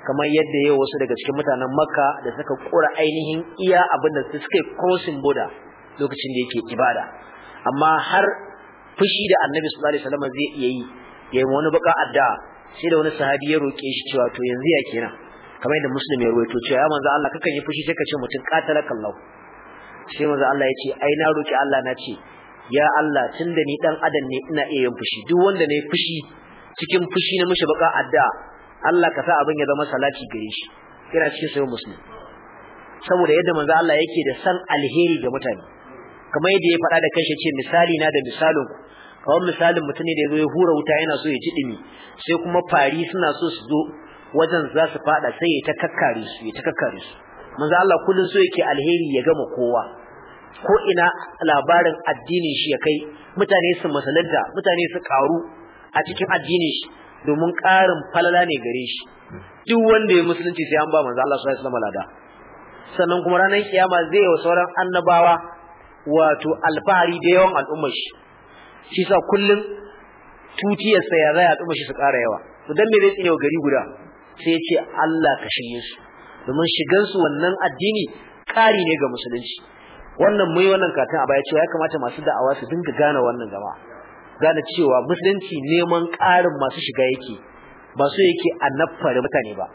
kamar yadda yau wasu daga cikin mutanen makka da suka kura ainihin iya abinda da suka boda lokacin da yake ibada amma har fushi da annabi sallallahu alaihi wasallam zai iya yi ya yi wani baka adda sai da wani sahabi ya roke shi cewa to yanzu ya kenan kamar yadda muslim ya ruwaito cewa ya manzo Allah kakan yi fushi sai ka ce mutum qatalakallahu sai manzo Allah ya ce ai na roƙi Allah na ce ya Allah tun da ni dan adam ne ina iya yin fushi duk wanda ne fushi cikin fushi na mishi baka adda Allah ka sa abin ya zama salati gare shi yana cikin sahih musulmi saboda yadda manzo Allah yake da san alheri ga mutane kamar yadda ya faɗa da kanshi ce misali na da misalin ku kamar misalin mutum ne da yazo ya hura wuta yana so ya ji dimi sai kuma fari suna so su zo wajen za su fada sai ya ta kakkare su ya ta kakkare su manzo Allah kullun so yake alheri ya gama kowa ko ina labarin addinin shi ya kai mutane su masalanta mutane su karu a cikin addinin shi domin ƙarin falala ne gare shi duk wanda ya musulunci sai an ba manzo Allah sallallahu alaihi wasallam lada sannan kuma ranar kiyama zai yi wa sauran annabawa wato alfahari da yawan al'ummar shi shi sa kullum tutiyarsa ya zai al'ummar shi su ƙara yawa to dan me zai tsine gari guda sai ya ce Allah ka shirye su domin shigan su wannan addini ƙari ne ga musulunci wannan mai wannan katin a baya cewa ya kamata masu da'awa su dinga gane wannan jama'a gane cewa musulunci neman ƙarin masu shiga yake ba so yake a naffare mutane ba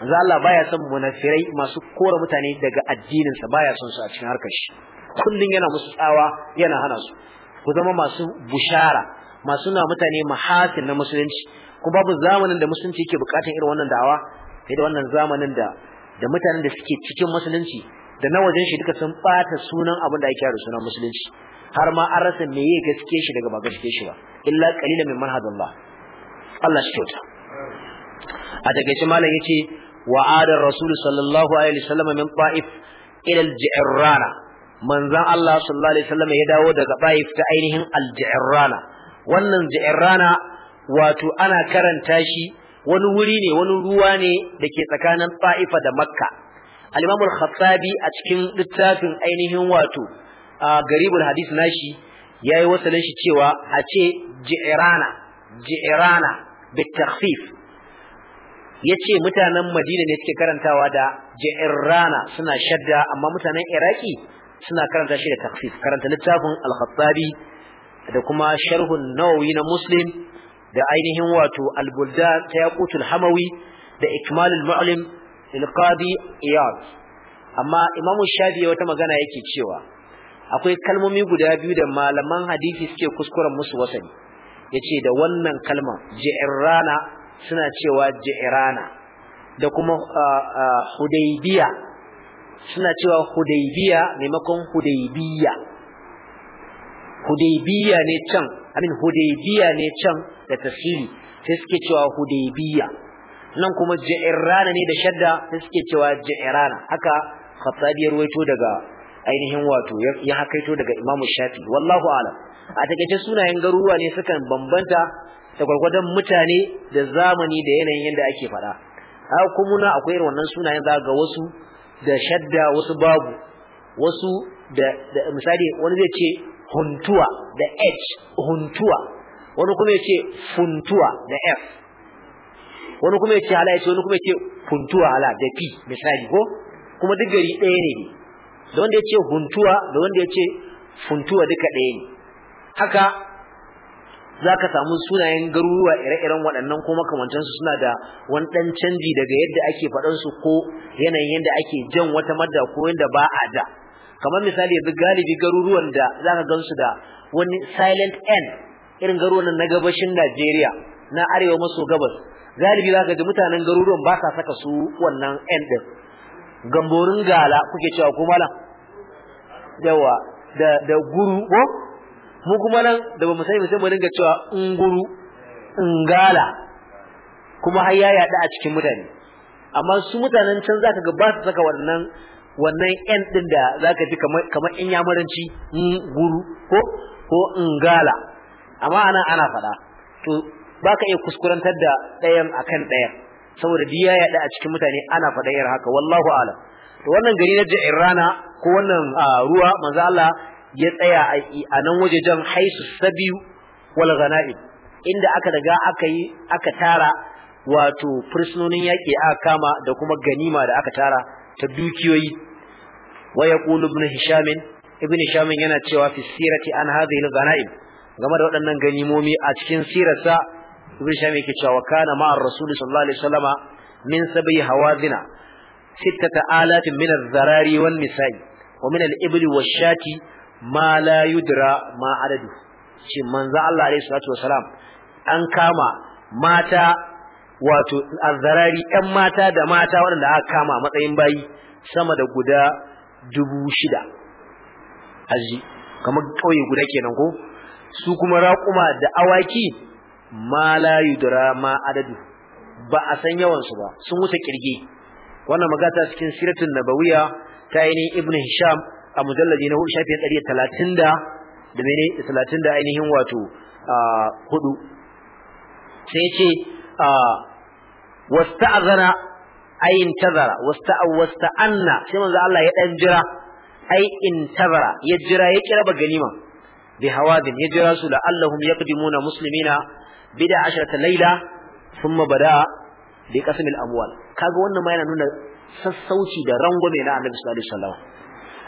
manzo Allah baya son munafirai masu kora mutane daga addinin sa baya son su a cikin harkar shi kullun yana musu tsawa yana hana su ku zama masu bushara masu na mutane mahasin na musulunci kuma babu zamanin da musulunci yake bukatar irin wannan da'awa sai da wannan zamanin da da mutanen da suke cikin musulunci da na wajen shi duka sun bata sunan abin da ake yaro sunan musulunci har ma an rasa me ya gaske shi daga ba gaske shi ba illa qalila min manhadallah Allah shi kyauta a takeice malam yace wa adar rasul sallallahu alaihi wasallam min ta'if ila al-ji'rana manzon Allah sallallahu alaihi wasallam ya dawo daga ta'if ta ainihin al-ji'rana wannan ji'rana wato ana karanta shi wani wuri ne wani ruwa ne da ke tsakanin ta'ifa da makka al-imam al-khattabi a cikin littafin ainihin wato a garibul hadis nashi yi wasalin shi cewa a ce ji'rana ji'rana bitakhfif yace mutanen Madina ne suke karantawa da ji'rana suna shadda amma mutanen Iraki suna karanta shi da takhfif karanta littafin al-Khattabi da kuma sharhun Nawawi na Muslim da ainihin wato al ta Yaqutul Hamawi da Ikmalul Mu'lim lil Qadi Iyad amma Imam Shafi'i wata magana yake cewa akwai kalmomi guda biyu da malaman hadisi suke kuskuren musu wasani yace da wannan kalmar ji'rana suna cewa ji'rana da kuma hudaybiya suna cewa hudaybiya maimakon hudaybiya hudaybiya ne can amin hudaybiya ne can da tasiri sai suke cewa hudaybiya nan kuma ji'rana ne da shadda sai suke cewa ji'rana haka khattabi Waito daga ainihin wato ya hakaito daga Imam Shafi wallahu alam a takeice sunayen garuruwa ne sukan bambanta da gwargwadon mutane da zamani da yanayin yadda ake faɗa haka kuma akwai irin wannan sunayen za ga wasu da shadda wasu babu wasu da, misali wani zai ce huntuwa da h huntuwa wani kuma ya ce funtuwa da f wani kuma ya ce hala ya ce wani kuma ya ce funtuwa hala da p misali ko kuma duk gari ɗaya ne da wanda yace huntuwa da wanda yace funtuwa duka ɗaya ne haka zaka samu sunayen garuruwa ire-iren waɗannan ko makamantansu suna da wani ɗan canji daga yadda ake faɗan su ko yanayin yadda ake jan wata madda ko yadda ba a da kamar misali yanzu galibi garuruwan da zaka gansu da wani silent n irin garuruwan na gabashin Najeriya na arewa maso gabas galibi zaka ji mutanen garuruwan ba sa saka su wannan n din gamborin gala kuke cewa ko malam yawa da da guru ko mu kuma nan da bamu sani sai mu dinga cewa unguru ungala kuma har ya yada a cikin mutane amma su mutanen can zaka ga ba su saka wannan wannan yan din da zaka ji kamar kamar in yamuranci guru ko ko ungala amma ana ana fada to baka iya kuskurantar da ɗayan akan ɗayan saboda diya ya a cikin mutane ana fada yar haka wallahu a'lam to wannan gari na rana ko wannan ruwa manzo Allah ya tsaya a nan waje jan haisu sabiyu wal ghana'ib inda aka daga aka yi aka tara wato fursunonin yaƙi aka kama da kuma ganima da aka tara ta dukiyoyi wa yaqulu ibn hisham ibn hisham yana cewa fi sirati an hadhihi al ghana'ib game da waɗannan ganimomi a cikin sirarsa ibn hisham yake cewa kana ma'ar rasul sallallahu alaihi wasallama min sabi hawazina sittata alatin min az-zarari wan nisa'i wa min al shati ma la ma adadu ce manzo Allah alaihi salatu wasalam an kama mata wato zarari ƴan mata da mata waɗanda aka kama matsayin bayi sama da guda dubu shida aji kamar kauye guda kenan ko su kuma raƙuma da awaki ma la ma adadu ba a san yawan su ba sun wuce kirge wannan magata cikin siratun nabawiya ta ainihin ibn hisham a mujalladi na shafin ɗari talatin da mene talatin da ainihin wato hudu sai ce wasta'azana ayin tazara wasta'anna sai manzo Allah ya dan jira ai in tabara ya jira ya kira ganima bi hawadin ya jira su la'allahum yaqdimuna muslimina bid'a ashrata layla thumma bada bi kasamil amwal kaga wannan ma yana nuna sassauci da rangwame na Annabi sallallahu alaihi wasallam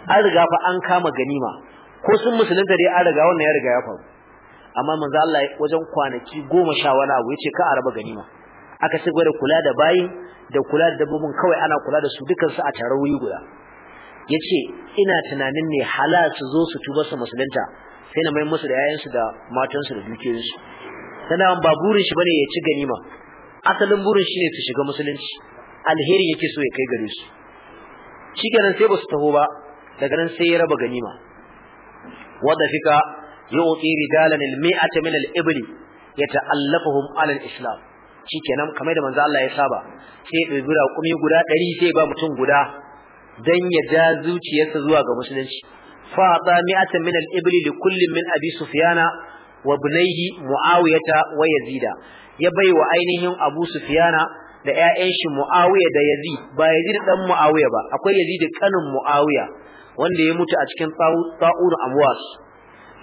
an riga fa an kama ganima ko sun musulunta dai an riga wannan ya riga ya faru amma manzo Allah wajen kwanaki goma sha wani abu ya ce ka araba ganima aka ci da kula da bayi da kula da dabbobin kawai ana kula da su dukan a tare wuri guda yace ina tunanin ne halal su zo su tuba su musulunta sai na mai musu da yayansu da matansu da dukiyoyinsu sanan ba burin shi bane ya ci ganima asalin burin ne su shiga musulunci alheri yake so ya kai gare su shikenan sai ba su taho ba daga nan sai ya raba ganima Wadda fika yu'ti rijalan al-mi'ata min al ya yata'allafuhum 'ala al-islam shikenan kamar da manzo Allah ya saba sai ya dubura guda ɗari, sai ba mutum guda dan ya ja zuciyarsa zuwa ga musulunci fa ta mi'atan min al-ibli li kullin min abi sufyana wa ibnayhi muawiyata wa yazida ya bai wa ainihin Abu Sufiyana da ƴaƴan shi Muawiya da Yazid ba Yazid dan Muawiya ba akwai Yazid kanin Muawiya wanda ya mutu a cikin Ta'ur Amwas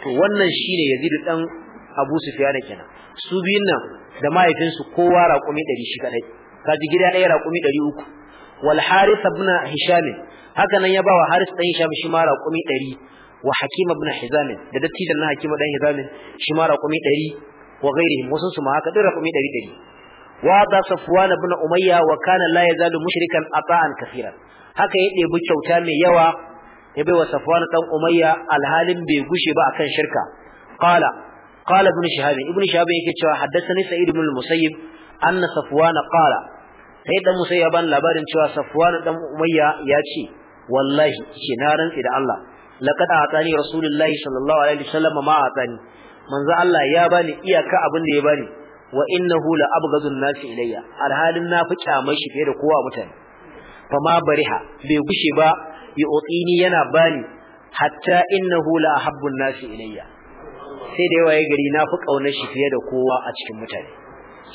to wannan shine Yazid dan Abu Sufiyana kenan su biyun nan da mahaifinsu kowa raƙumi 100 shi kadai ji gida ɗaya raƙumi 300 wal harith ibn hisham haka nan ya ba wa harith dan hisham shi ma Raƙumi 100 wa hakim ibn hizam da dattijan na hakim dan hizam shi ma Raƙumi 100 wa ghairihim wasu su ma haka duk rakumi 100 wa da safwan ibn umayya wa kana la yazalu mushrikan ata'an kaseeran haka ya debi kyauta mai yawa ya bai wa safwan dan umayya alhalin bai gushe ba akan shirka qala qala ibn ibn shihab yake cewa haddathani sa'id ibn al-musayyib anna safwan qala sai dan musayyib ban labarin cewa safwan dan umayya ya ce wallahi ce na da Allah laqad atani rasulullahi sallallahu alaihi ma manzo Allah ya bani iyaka abin da ya bani wa innahu la abghadun nasi ilayya alhalin na fi kyamar shi fiye da kowa mutane fa ma bariha bai gushe ba ya otsini yana bani hatta innahu la ahabbun nasi ilayya sai da yawa ya gari na fi kaunar shi fiye da kowa a cikin mutane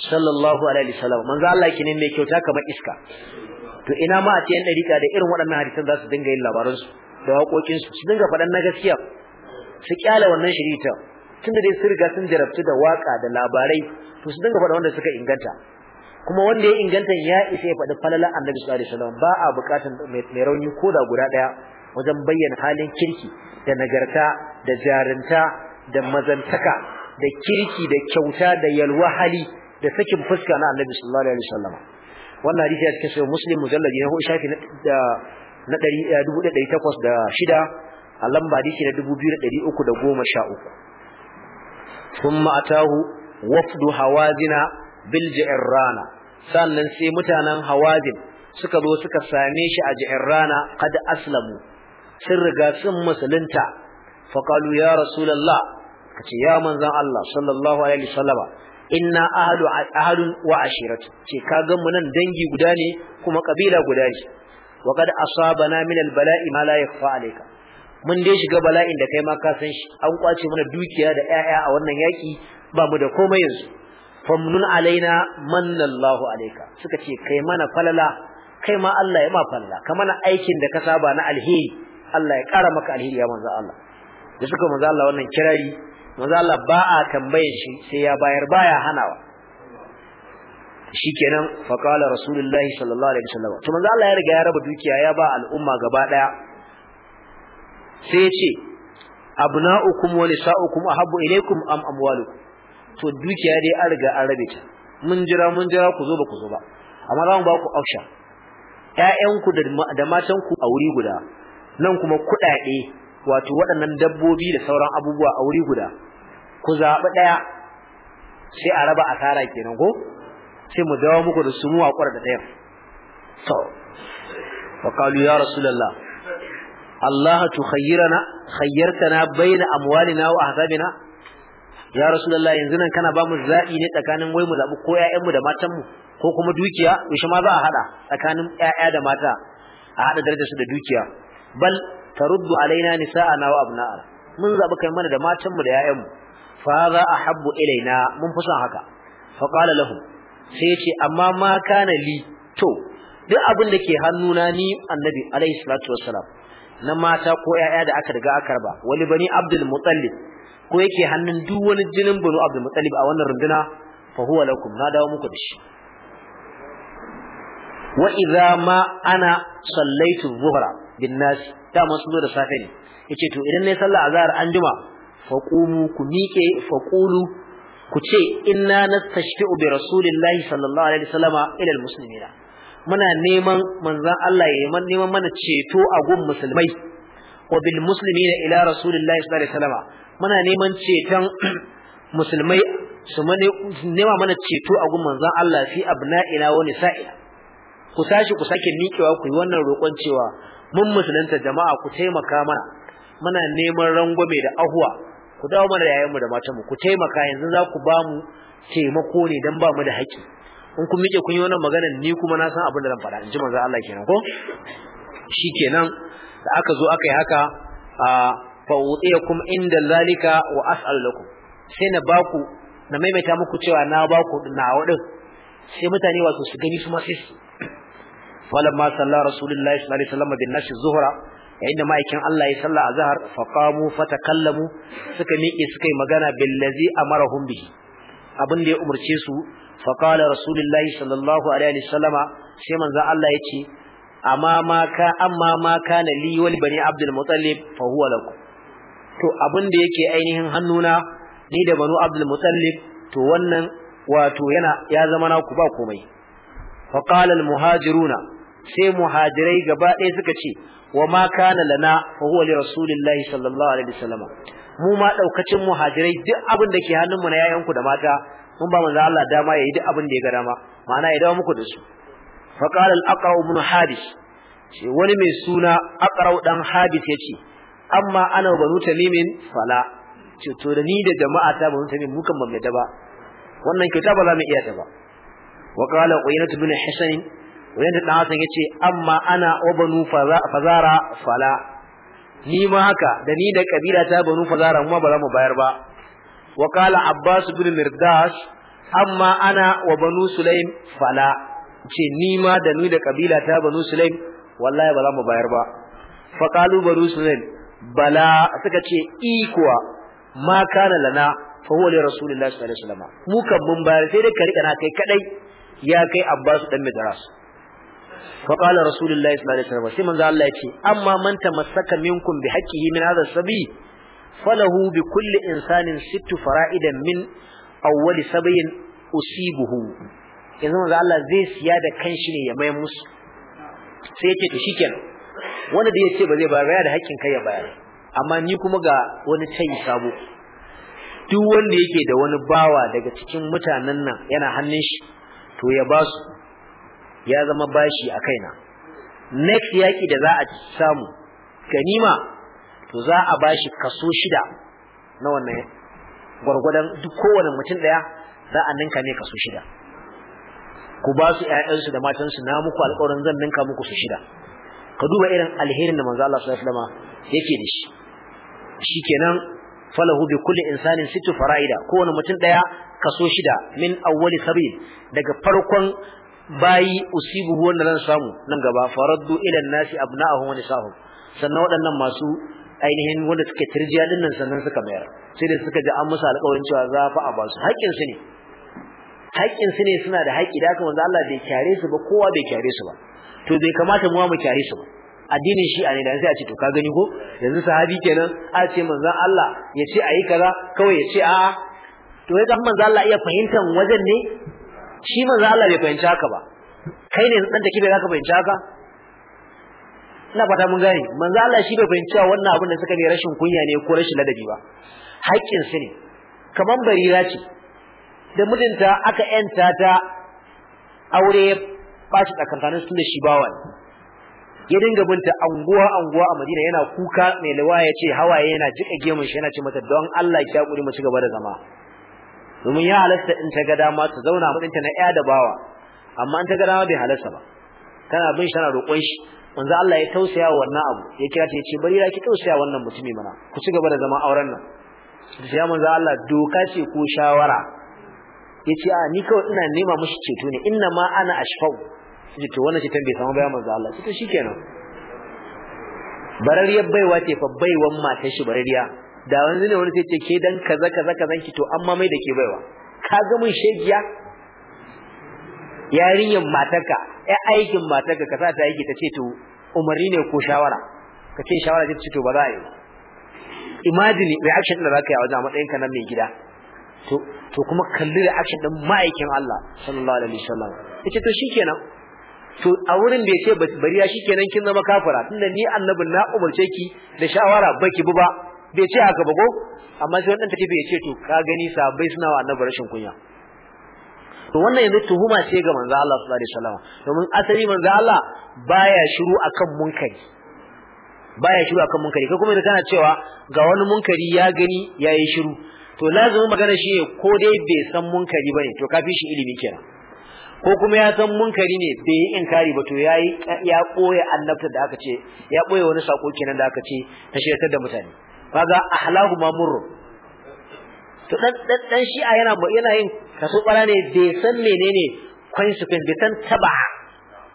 sallallahu alaihi wasallam manzo Allah kine mai kyauta kamar iska to ina ma a cikin dariƙa da irin waɗannan hadisan za su dinga yin labaransu da waƙoƙinsu su dinga faɗan na gaskiya su kyale wannan shirita tunda dai sun riga sun jarabtu da waka da labarai to su dinga faɗa wanda suka inganta kuma wanda ya inganta ya isa ya faɗi falala, annabi sallallahu alaihi wasallam ba a buƙatar mai rauni ko da guda ɗaya wajen bayyana halin kirki da nagarta da jarinta da mazantaka da kirki da kyauta da yalwa hali da sakin fuska na annabi sallallahu alaihi wasallam wannan hadisi ya cikin muslim mujalladi na hudu shafi na 1806 eh, a lamba hadisi na 2313 thumma atahu wafdu hawazina bil ji'rana sannan sai mutanen hawazin suka zo suka same shi a rana kad aslamu sun riga sun musulunta fa qalu ya rasulullah kace ya manzon Allah sallallahu alaihi wasallama inna ahlu ahlun wa ashiratu ce ga mu nan dangi guda ne kuma kabila guda ne wa qad asabana min bala'i ma la yakhfa alayka mun dai shiga bala'in da kai ma ka san shi an kwace mana dukiya da 'ya'ya a wannan yaki ba mu da komai yanzu famnun alaina mannallahu alaika suka ce kai mana falala kai ma Allah ya ma falala ka mana aikin da ka saba na alheri Allah ya kara maka alheri ya manzo Allah da suka manzo Allah wannan kirari manzo Allah ba a tambaye shi sai ya bayar baya hanawa shikenan fa qala rasulullahi sallallahu alaihi wasallam to manzo Allah ya riga ya raba dukiya ya ba al'umma gaba daya sai ya ce abna'ukum wa nisa'ukum ahabbu ilaykum am amwalukum to dukiya dai an riga an rabe ta mun jira mun jira ku zo ba ku zo ba amma za mu ba ku auction ƴaƴanku da matanku a wuri guda nan kuma kuɗaɗe wato waɗannan dabbobi da sauran abubuwa a wuri guda ku zaɓi ɗaya sai a raba asara kenan ko sai mu dawo muku da su mu haƙura da ɗayan to fa qalu ya rasulullah Allah tu khayyirana khayyartana baina amwalina wa ahzabina ya rasulullah yanzu nan kana ba mu zabi ne tsakanin wai mu zabi ko ƴaƴan mu da matan mu ko kuma dukiya yaushe ma za a hada tsakanin ƴaƴa da mata a hada darajar su da dukiya bal taruddu alaina nisa'ana wa abna'ana mun zabi kai mana da matan mu da ƴaƴan mu fa za ahabbu ilaina mun fi son haka fa qala lahum sai yace amma ma kana li to duk abin da ke hannuna ni annabi alaihi salatu wassalam na mata ko 'ya'ya da aka riga aka raba wali bani abdul mutallib ko yake hannun duk wani jinin bani abdul mutallib a wannan runduna fa huwa lakum na dawo muku da shi wa idza ma ana sallaitu Zuhra bin nas da mun da safe ne yace to idan nayi sallah azhar anjuma fa qumu ku miƙe fa qulu ku ce inna nastashfi'u bi rasulillahi sallallahu alaihi wasallama ila almuslimina muna neman manzan Allah ya neman mana ceto a gun musulmai wa bil na ila rasulullahi sallallahu alaihi wasallam muna neman ceton musulmai su nema mana ceto a gun manzan Allah fi ila wa nisa'ina ku tashi ku sake mikewa ku yi wannan roƙon cewa mun musulunta jama'a ku taimaka mana muna neman rangwame da ahuwa ku dawo mana da yayanmu da matanmu ku taimaka yanzu za ku ba mu taimako ne don ba mu da haƙƙi in kun miƙe kun yi wannan maganar ni kuma na san abin da zan faɗa in ji manzo Allah kenan ko Shi shikenan da aka zo aka yi haka fa wudiyakum inda zalika wa as'al lakum sai na baku na maimaita muku cewa na baku na wadin sai mutane wato su gani su ma sai su falamma sallallahu rasulullahi sallallahu alaihi wasallam bin nashi zuhra inda ma'aikin Allah ya salla azhar fa qamu takallamu suka miƙe suka yi magana billazi amarahum bihi abin da ya umarce su fa qala rasulullahi sallallahu alaihi wasallama sai manzo Allah yace amma ma ka amma ma kana li wal bani abdul muttalib fa huwa lakum to abin da yake ainihin hannuna ni da banu abdul muttalib to wannan wato yana ya zama na ku ba komai fa qala al muhajiruna sai muhajirai gaba ɗaya suka ce wa ma kana lana fa huwa li rasulillahi sallallahu alaihi wasallama mu ma daukacin muhajirai duk abin da ke hannunmu na yayanku da mata mun ba manzo Allah dama yayi duk abin da ya ga dama ma'ana ya dawo muku da su fa qala al-aqra ibn habis shi wani mai suna aqra dan habis yace amma ana banu tamimin fala ce to da ni da jama'a ta banu tamim mukan ban da ba wannan kyauta ba za mu iya ta ba wa qala uynat ibn wani da dan hasan yace amma ana banu fazara fala ni ma haka da ni da kabila ta banu fazara mu ba za mu bayar ba wa qala abbas ibn mirdas amma ana wa banu sulaim fala ce ni ma da ni da kabila ta banu sulaim wallahi ba za mu bayar ba fa qalu banu sulaim bala suka ce i kuwa? ma kana lana fa huwa li rasulillahi sallallahu alaihi wasallam mu kan mun bayar sai dai ka rika na kai kadai ya kai abbas dan midras fa qala rasulullahi sallallahu alaihi wasallam sai manzo Allah ya ce amma man tamassaka minkum bi haqqihi min hadha sabi Falahubi bi kulli insanin sittu fara'idan min awwali sabayin usibuhu yanzu manzo Allah zai siya da kanshi ne ya mai musu sai yace to shikenan wanda da yace ba zai ba ya da haƙƙin kai ya bayar amma ni kuma ga wani tayi sabo duk wanda yake da wani bawa daga cikin mutanen nan yana hannun shi to ya basu ya zama bashi a kaina next yaki da za a samu ganima to za a bashi kaso shida na wannan gwargwadon duk kowane mutum daya za a ninka ne kaso shida ku ba su ƴaƴansu da matansu na muku alƙawarin zan ninka muku su shida ka duba irin alherin da manzo Allah sallallahu alaihi wasallam yake da shi shikenan falahu bi kulli insanin sittu faraida kowane mutum daya kaso shida min awwali sabil daga farkon bayi usibu wanda zan samu nan gaba faraddu ila nasi abna'ahum wa nisa'ahum sannan waɗannan masu ainihin wanda suke tirjiya din nan sannan suka mayar sai da suka ji an musu alƙawarin cewa za fa a basu haƙƙin su ne haƙƙin su ne suna da haƙƙi da haka manzo Allah bai kyare su ba kowa bai kyare su ba to bai kamata mu mu kyare su ba addinin shi a ne da sai a ce to ka gani ko yanzu sahabi kenan a ce manzo Allah ya ce ayi kaza kawai ya ce a'a to ya kan manzo Allah iya fahimtar wajen ne shi manzo Allah bai fahimci haka ba kai ne dan take bai zaka fahimci haka ina fata mun gane manzo Allah shi bai fahimci wannan abin da suka ne rashin kunya ne ko rashin ladabi ba haƙƙin su ne kaman barira ce da mijinta aka yanta ta aure ya shi tsakankanin su da shi bawan ya dinga binta anguwa anguwa a Madina yana kuka mai lawa ya ce hawaye yana jika gemun shi yana ce mata don Allah ki hakuri mu ci gaba da zama domin ya halasta in ta ga dama ta zauna mutunta na ya da bawa amma in ta ga dama bai halasta ba Kana bin shi tana roƙon shi manzo Allah ya tausaya wannan abu ya kira ta yace bari ki tausaya wannan mutumi mana ku ci gaba da zama auren nan sai manzo Allah doka ce ko shawara yace a ni kawai ina nema mushi ceto ne inna ma ana ashfau yace to wannan ce tambaye sama bayan manzo Allah to shikenan barariyar baiwa ce fa baiwan matar shi barariya da wanzu ne wani sai ce ke dan kaza kaza kazan ki to amma mai da ke baiwa ka ga mun shegiya yarinyar matarka ya aikin matarka ka sa ta aiki ta ce to umarni ne ko shawara ka ce shawara ta ce to ba za a yi imagine reaction da zaka yi a wajen matsayinka na mai gida to to kuma kalli reaction din ma'aikin Allah sallallahu alaihi wasallam ce to shikenan to a wurin da ce bari ya shikenan kin zama kafira tunda ni annabin na umarce ki da shawara baki bu ba bai ce haka ba ko amma sai wannan take bai ce to ka gani sabai suna wa annabi rashin kunya to wannan yanzu tuhuma ce ga manzo Allah sallallahu alaihi wasallam domin asali manzo Allah baya shiru akan munkari baya shiru akan munkari kai kuma kana cewa ga wani munkari ya gani yayi shiru to lazimin magana shi ne ko dai bai san munkari bane to kafi shi ilimi kenan ko kuma ya san munkari ne bai yi inkari ba to yayi ya koya annabta da aka ce ya koya wani sako kenan da aka ce ta shirtar da mutane kaga ahlahu mamurru to dan shi'a yana yana yin kaso bara ne bai san menene consequence bai san taba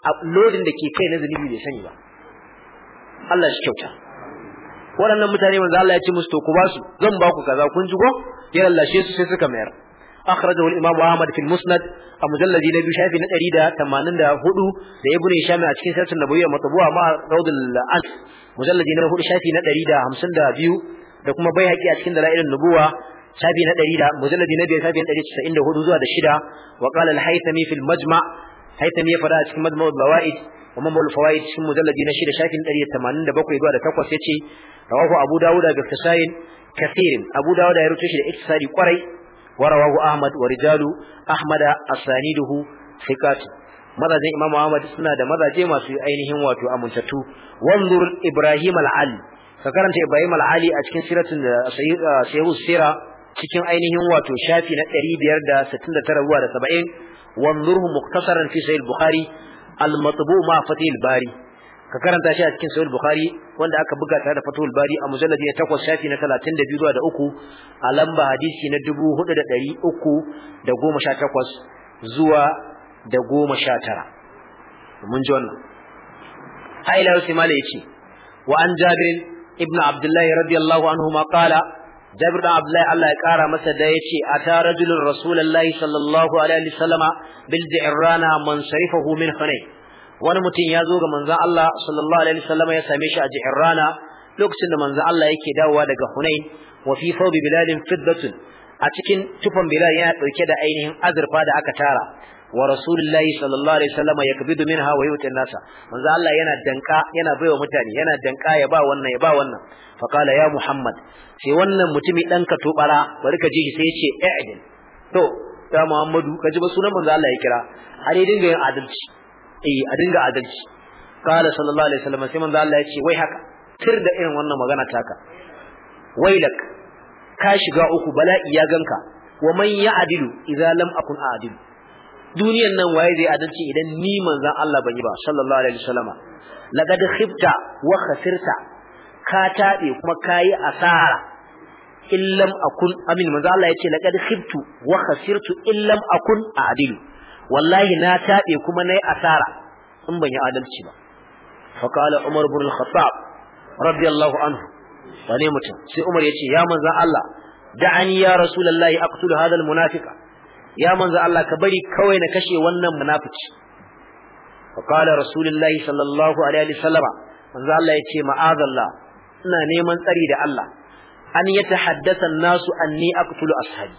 a da ke kai na zunubi bai sani ba Allah shi kyauta waɗannan mutane manzo Allah ya ce musu to ku basu zan ba ku kaza kun ji ko ya lallashe su sai suka mayar akhrajahu al-imam Ahmad fi al-musnad a mujalladi na biyu shafi na 184 da ibn Hisham a cikin sirrin nabawiyya matbu'a ma rawd al-an mujalladi na hudu shafi na 152 da kuma bai haƙi a cikin dalailin nubuwa shafi na 100 da mujalladi na 5 shafi na 194 zuwa da 6 wa qala al-haythami fil majma haythami ya fara cikin majma' al-bawaid wa mamma al-fawaid cikin mujalladi na 6 shafi na 187 da 8 yace rawahu abu dawud bi ikhtisarin kathirin abu ya rubuta shi da ikhtisari kwarai wa rawahu ahmad wa rijalu ahmad asaniduhu thiqat mazajin imamu ahmad suna da mazaje masu ainihin wato amintattu wanzur ibrahim al ka karanta ibrahim a cikin siratul sayyid sira cikin ainihin wato shafi na 569 zuwa da 70 wanzurhu muktasaran fi sahih bukhari al-matbu ma fatih bari ka karanta shi a cikin sahih bukhari wanda aka buga tare da fatih bari a mujalladi na 8 shafi na 32 zuwa da 3 a lamba hadisi na 4318 zuwa da 19 mun ji wannan ha ila yau yace wa an jabir ibn abdullahi radiyallahu anhu ma qala Jabir dan Abdullahi Allah ya kara masa da yace ata rajulun rasulullahi sallallahu alaihi wasallama bil ji'rana man min khanay wani mutum ya zo ga manzon Allah sallallahu alaihi wasallama ya same shi a rana, lokacin da manzon Allah yake dawowa daga Hunain wa fi thawbi bilalin fiddatun a cikin tufan bilal yana dauke da ainihin azurfa da aka tara wa rasulullahi sallallahu alaihi wasallam yakbidu minha wa yuti nasa manzo Allah yana danka yana baiwa mutane yana danka ya ba wannan ya ba wannan fa qala ya muhammad sai wannan mutumi dan ka tobara bari ka ji shi sai yace i'dil to ta muhammadu ka ji ba sunan manzo Allah ya kira a dai dinga yin adalci eh a dinga adalci qala sallallahu alaihi wasallam sai manzo Allah ce wai haka tir da irin wannan magana taka wailak ka shiga uku bala'i ya ganka wa man ya'dilu idza lam akun a'dilu duniyan nan waye zai adalci idan ni manzon Allah ban yi ba sallallahu alaihi wasallama laqad khibta wa khasirta ka tabe kuma kai asara illam akun amin manzon Allah yace laqad khibtu wa khasirtu illam akun adil wallahi na tabe kuma nayi asara in ban yi adalci ba fa qala umar ibn al-khattab radiyallahu anhu wane mutum sai umar yace ya manzon Allah da'ani ya rasulullahi aqtul hadha al-munafiqa ya manzo Allah ka bari kawai na kashe wannan munafici fa qala rasulullahi sallallahu alaihi wasallama manzo Allah yace ma'azallah ina neman tsari da Allah an ya an nasu anni aqtulu ashabi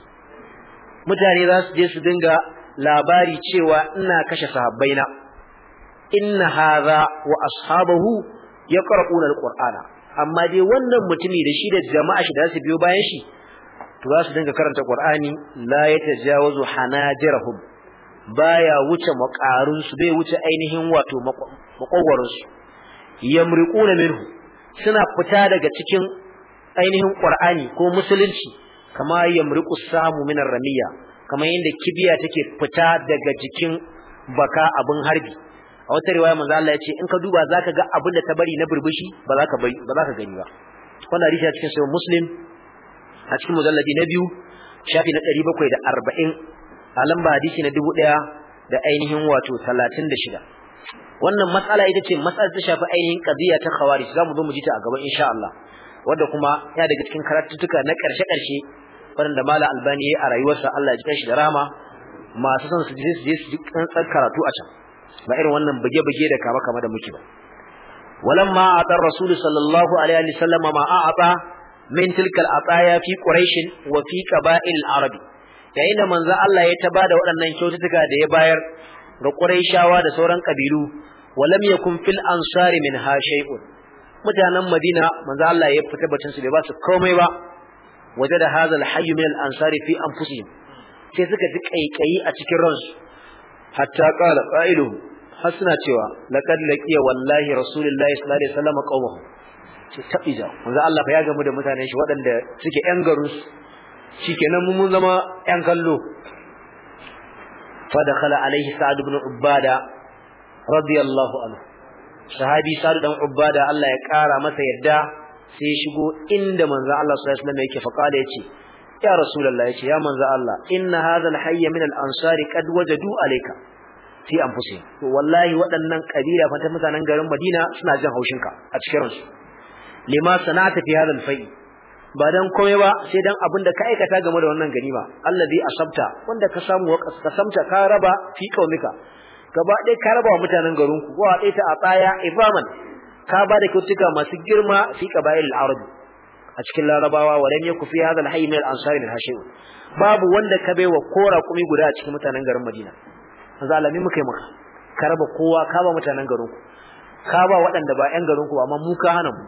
mutane za su je su dinga labari cewa ina kashe sahabbaina inna hadha wa ashabahu yaqra'una al-qur'ana amma dai wannan mutumi da shi da jama'a shi da su biyo bayan shi to za su dinga karanta Qur'ani la yatajawazu hanajirahum baya wuce makarun su bai wuce ainihin wato makogwarin su yamriquna minhu suna fita daga cikin ainihin Qur'ani ko musulunci kama yamriqu samu min ramiya kamar yadda kibiya take fita daga jikin baka abin harbi a wata riwaya manzo Allah ya ce in ka duba zaka ga abin da ta bari na burbushi ba za ka ba za ka gani ba wannan hadisi cikin sahih Muslim a cikin mujalladi na biyu shafi na ɗari da arba'in, a lamba hadisi na dubu ɗaya, da ainihin wato talatin da shida. wannan matsala ita ce matsalar ta shafi ainihin kaziya ta khawarij zamu zo mu ji ta a gaba insha Allah wanda kuma yana daga cikin karatuttuka na karshe-karshe wanda Malam Albani a rayuwarsa Allah ya ji shi da rahama masu son su je su je su ji kantsar karatu a can ba irin wannan buge-buge da kama kama da muke ba walamma atar rasulu sallallahu alaihi wasallam ma a'ata min tilkal ataya fi quraish wa fi qaba'il arabi yayin da manzo Allah ya ta da waɗannan kyaututtuka da ya bayar ga quraishawa da sauran kabilu walam yakun fil ansari min ha shay'un mutanen Madina manzo Allah ya fita batun su bai ba su komai ba Waje da hazal hayy min al ansari fi anfusihim sai suka ji kaikayi a cikin ransu hatta qala qa'iluhu har cewa laqad laqiya wallahi rasulullahi sallallahu alaihi wasallam ce tabija manzo Allah fa ya gamu da mutanen shi waɗanda suke yan garus shikenan mun mun zama ƴan kallo fa dakhala alaihi sa'd ibn ubada radiyallahu anhu sahabi sa'd dan ubada Allah ya kara masa yadda sai ya shigo inda manzo Allah sallallahu alaihi wasallam yake fa kala yace ya rasulullahi yace ya manzo Allah inna hadha alhayya min al-ansari qad wajadu alayka fi anfusihim to wallahi waɗannan kabila fa ta mutanen garin Madina suna jin haushinka a cikin ransu lima sana'ata fi hadha al-fai ba dan komai ba sai dan abin da ka aikata game da wannan ganima allazi asabta wanda ka samu wa kasamta ka raba fi qaumika gaba ɗaya ka raba wa mutanen garin ku wa ɗaya ta tsaya ibaman ka ba da kyautuka masu girma fi qabail al ard a cikin larabawa wa lam yakun fi hadha al al-ansari al-hashim babu wanda ka baiwa kora kumi guda a cikin mutanen garin Madina manzo Allah muka yi maka ka raba kowa ka ba mutanen garin ku ka ba waɗanda ba 'yan garin ku amma mu ka hana mu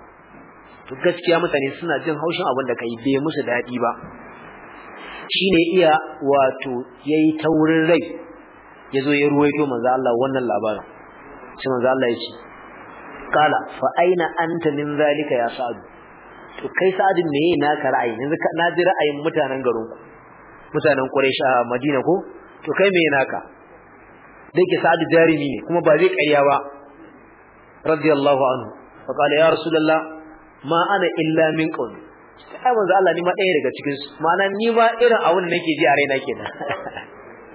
to gaskiya mutane suna jin haushin abin da kai bai musu daɗi ba shine iya wato yayi taurin rai yazo ya ruwaito manzo Allah wannan labarin shi manzo Allah ya ce kala fa aina anta min zalika ya sa'ad to kai sa'ad me na naka ra'ayi yanzu na ji ra'ayin mutanen garin ku mutanen quraish a Madina ko to kai me naka dake sa'ad jarimi ne kuma ba zai ƙarya ba radiyallahu anhu fa kala ya rasulullah ma ana illa min qawmi sai manzo Allah ni ma ɗaya daga cikin su ma'ana ni ma irin abun da nake ji a raina kenan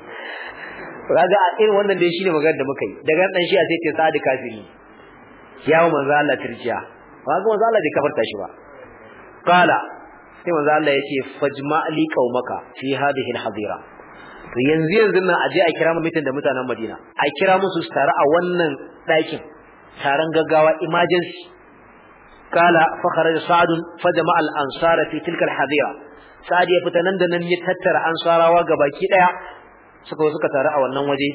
kaga a irin wannan dai shine maganar da muka yi daga dan shi a sai ce sa'ad kafiri yawo manzo Allah tirjiya kaga manzo Allah bai kafarta shi ba qala sai manzo Allah yace fajma li qaumaka fi hadhihi alhadira to yanzu yanzu nan aje a kira mu da mutanen Madina a kira musu su tare a wannan ɗakin taron gaggawa emergency قال فخرج سعد فجمع الأنصار في تلك الحذيرة سعد يفتنن دنن يتتر أنصارا وقباكي ديا suka suka taru a wannan waje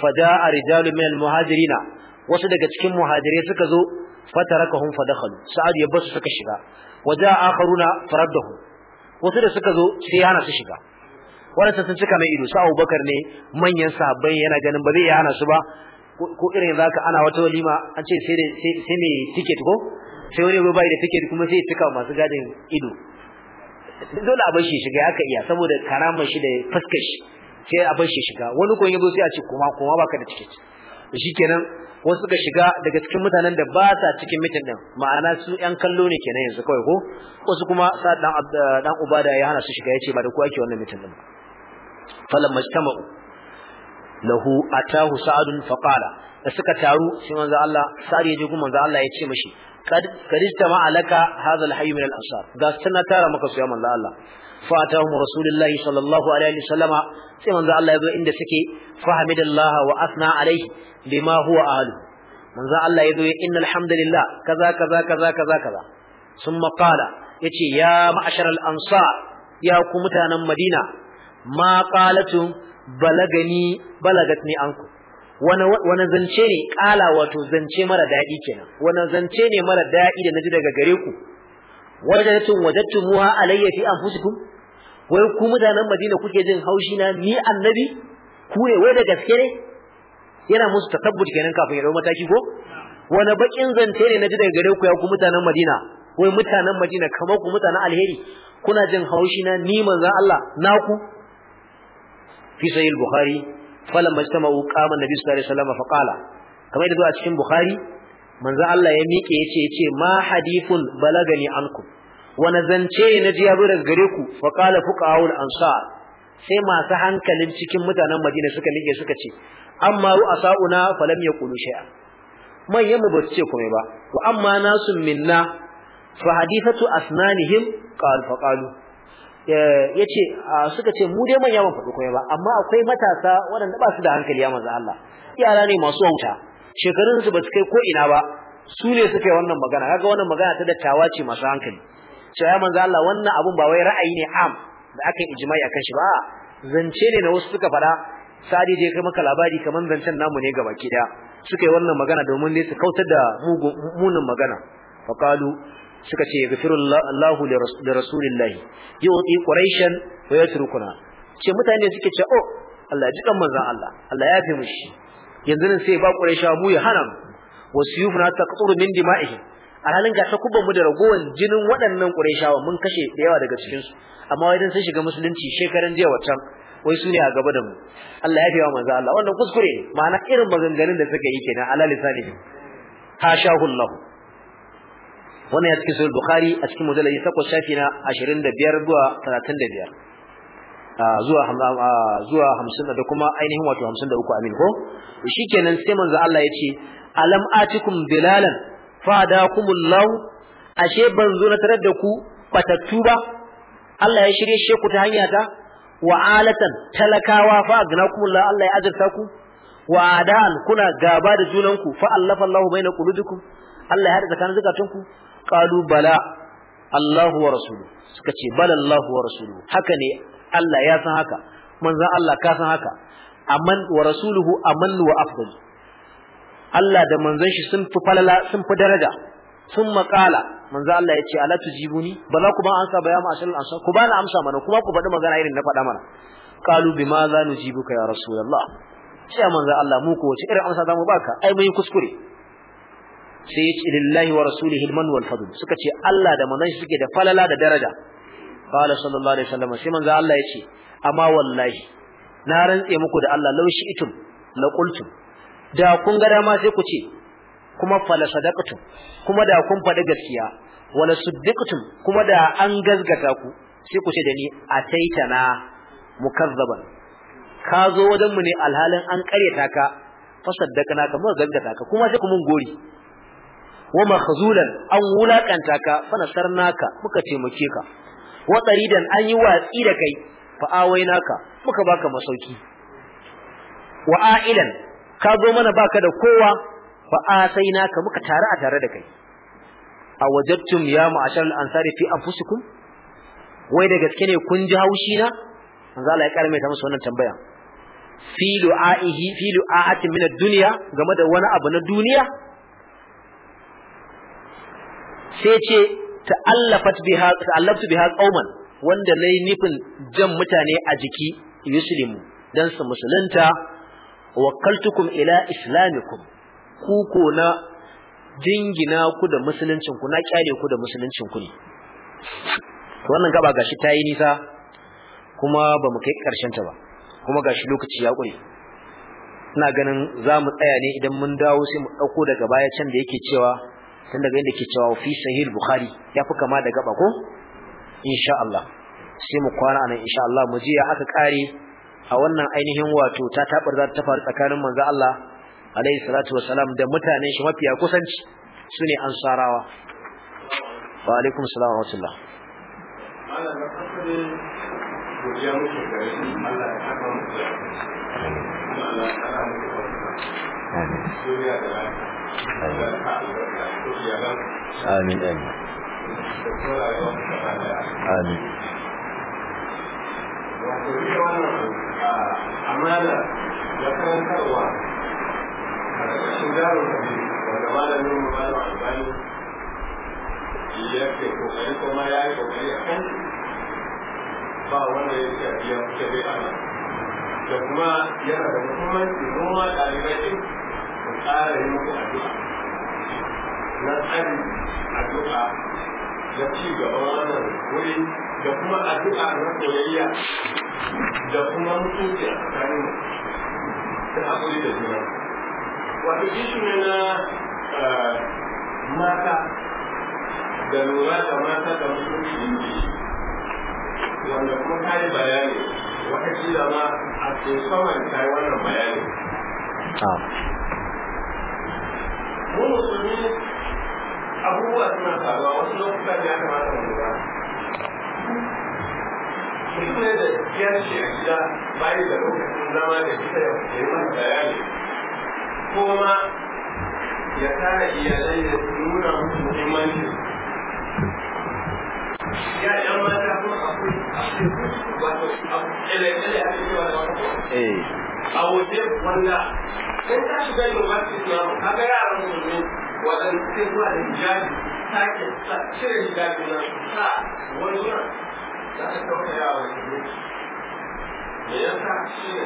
fada'a rijalun min muhajirina wasu daga cikin muhajirai suka zo fatarakahum fadakhalu sa'ad ya basu suka shiga waja'a akharuna faraddahu wasu da suka zo sai hana su shiga wadanda sun cika mai ido sa Abubakar ne manyan sahabbai yana ganin ba zai iya su ba ko irin zaka ana wata walima an ce sai sai ne ticket ko sai wani bai da take kuma sai tuka masu gadin ido dole a bashi shiga haka iya saboda karamar shi da fuskar shi sai a bashi shiga wani kun yabo sai a ce kuma kuma baka da ticket shikenan wasu suka shiga daga cikin mutanen da ba sa cikin mitin din ma'ana su yan kallo ne kenan yanzu kawai ko wasu kuma sa dan dan eh, ubada ya hana su shiga yace ba da ku ake wannan mitin din falam majtama'u lahu atahu sa'adun faqala da suka taru sai manzo Allah sai ya je kuma manzo Allah ya ce mishi kadista ma alaka hadha alhayy min al-ansar ga sunna tara maka su ya manzo Allah fa atahum rasulullahi sallallahu alaihi wasallama sai manzo Allah yazo inda suke fa hamidallah wa asna alaihi bima huwa ahlu manzo Allah yazo innal alhamdulillah kaza kaza kaza kaza kaza summa qala yace ya ma'ashar al-ansar ya ku mutanen Madina ma qalatun balagani balagatni anku wani zance ne ƙala wato zance mara daɗi kenan wani zance ne mara daɗi da naji daga gare ku wajadatun wajadtumuha alayya fi anfusikum wai ku mutanen Madina kuke jin haushi na ni annabi ku ne wai da gaske ne yana musu tatabbut kenan kafin ya ɗau mataki ko wani bakin zance ne naji daga gare ku ya ku mutanen Madina wai mutanen Madina kamar ku mutanen alheri kuna jin haushi na ni manzan Allah naku fi sayil Buhari. falan jama'u qama nabi sallallahu alaihi wasallam fa qala kamar a cikin bukhari manzo Allah ya miƙe yace yace ma hadithun balagani ankum wani zance na ji abu daga gare ku fa qala fuqahul ansar sai masu hankalin cikin mutanen Madina suka miƙe suka ce amma ru asauna falam yaqulu shay'a Man mu ba su ce komai ba wa amma nasu minna fa hadithatu asnanihim qal fa qalu Eh, yace ah, suka ce mu dai manya ban faɗi koyi ba amma akwai matasa waɗanda ba su da hankali ya manzo Allah yara ne masu wuta shekarun su ba su kai ko ina ba su ne suka yi wannan magana kaga wannan magana ta da ce masu hankali cewa ya manzo Allah wannan abun ba wai ra'ayi ne am da aka yi ijma'i akan shi ba zance ne na wasu suka faɗa sadi je kai maka labari kaman zancen namu ne gaba ki suka yi wannan magana domin dai su kautar da munin magana faqalu suka ce yaghfiru Allahu li rasulillahi yu'ti quraishan wa yatrukuna ce mutane suke ce oh Allah ya jikan manzon Allah Allah ya fi mushi yanzu nan sai ba quraisha mu ya hana wasu yufna taqturu min dima'ihi alhalin ga takubban mu da ragowan jinin waɗannan quraishawa mun kashe da yawa daga cikin su amma wai dan sun shiga musulunci shekaran jiya waccan wai su ne a gaba da mu Allah ya fi wa manzon Allah wannan kuskure ma'ana irin maganganun da suka yi kenan Alalisa ne, ha sha Allah wannan ya cikin sahih bukhari a cikin mujallal 8 shafi na 25 zuwa 35 zuwa zuwa 50 da kuma ainihin wato 53 amin ko shikenan sai manzo Allah ya ce alam atikum bilalan fadakumullahu ashe ban zo na tarar da ku patattu ba Allah ya shirye sheku ta hanya ta wa alatan talakawa fa lau, Allah ya azurta ku wa adan kuna gaba da junanku fa allafa Allahu baina qulubikum Allah ya haɗa tsakanin zakatunku qalu bala Allahu wa rasuluhu suka ce bala Allahu wa rasuluhu haka ne Allah ya san haka manzon Allah ka san haka amman wa rasuluhu Amman wa afdal Allah da manzon shi sun fi falala sun fi daraja sun makala manzon Allah ya ce ala tujibuni ba za ku ba ansa ba ya ma'ashal ansa ku ba na amsa mana kuma ku faɗi magana irin na faɗa mana qalu bima za nujibuka ya rasulullah sai manzon Allah mu ko wace irin amsa za mu baka ai mun yi kuskure sai ya ce lillahi wa rasulihi alman wal fadl suka ce Allah da manzon suke da falala da daraja qala sallallahu alaihi wasallam sai manzo Allah ya ce amma wallahi na rantse muku da Allah law shi'tum la qultum da kun ga dama sai ku ce kuma fala sadaqatu kuma da kun faɗi gaskiya wala suddiqtum kuma da an gazgata ku sai ku ce da ni ataitana mukazzaban ka zo wajen mu ne alhalin an karyata ka fasaddaqna ka mu gazgata ka kuma sai ku mun gori wa mahzulan an wulakanta ka fa nasarnaka muka taimake ka wa taridan an yi watsi da kai fa awainaka muka baka masauki wa ailan ka zo mana baka da kowa fa asainaka muka tare a tare da kai awajadtum ya ma'ashar al-ansari fi anfusikum wai da gaske ne kun ji haushi na manzo Allah ya karme ta musu wannan tambaya fi du'aihi fi du'aati min ad game da wani abu na duniya sai ce ta'allafat biha ta'allaftu biha qauman wanda nayi nufin jan mutane a jiki yuslimu dan su musulunta wakkaltukum ila islamikum ku ko na jingina ku da musuluncin ku na kyale ku da musuluncin ku ne wannan gaba gashi ta yi nisa kuma ba mu kai karshen ta ba kuma gashi lokaci ya ƙure ina ganin za mu tsaya ne idan mun dawo sai mu ɗauko daga baya can da yake cewa tun daga yadda ke cewa fi sahih bukhari ya fi kama da gaba ko insha Allah sai mu kwana nan insha Allah mu je aka kare a wannan ainihin wato ta tabar za ta faru tsakanin manzo Allah alaihi salatu wasalam da mutanen shi mafiya kusanci sune ansarawa wa alaikum salam wa rahmatullah Amin. amin amin amin wato ita wannan da karantarwa ya kuma ba yana da muhimmanci noma ɗalibai ku ƙara yi muku addu'a na tsari addu'a na ci gaban wannan wuri da kuma addu'a na soyayya da kuma mutunci a tsakanin ta haƙuri da juna wato ishi ne na eh, mata da lura da mata da mutunci inji wanda kuma kayi bayani wata kila ma a tsofaman ta kai wannan bayani mu musulmi abubuwa suna faruwa wasu lokuta ya kamata mu lura mutum ne da ya ce a gida bayi da lokacin zama da ya yi bayani ya tara iyalai da nuna musu muhimmanci ya yan mata kuma akwai wato abu ƙyalƙyalai a cikin wani a waje wanda sai ta shiga university na mu kaga yaran musulmi wadan sai zuwa da hijabi sake sa cire hijabi na sa wani wurin za ta kauka yawa ne me yasa shi ne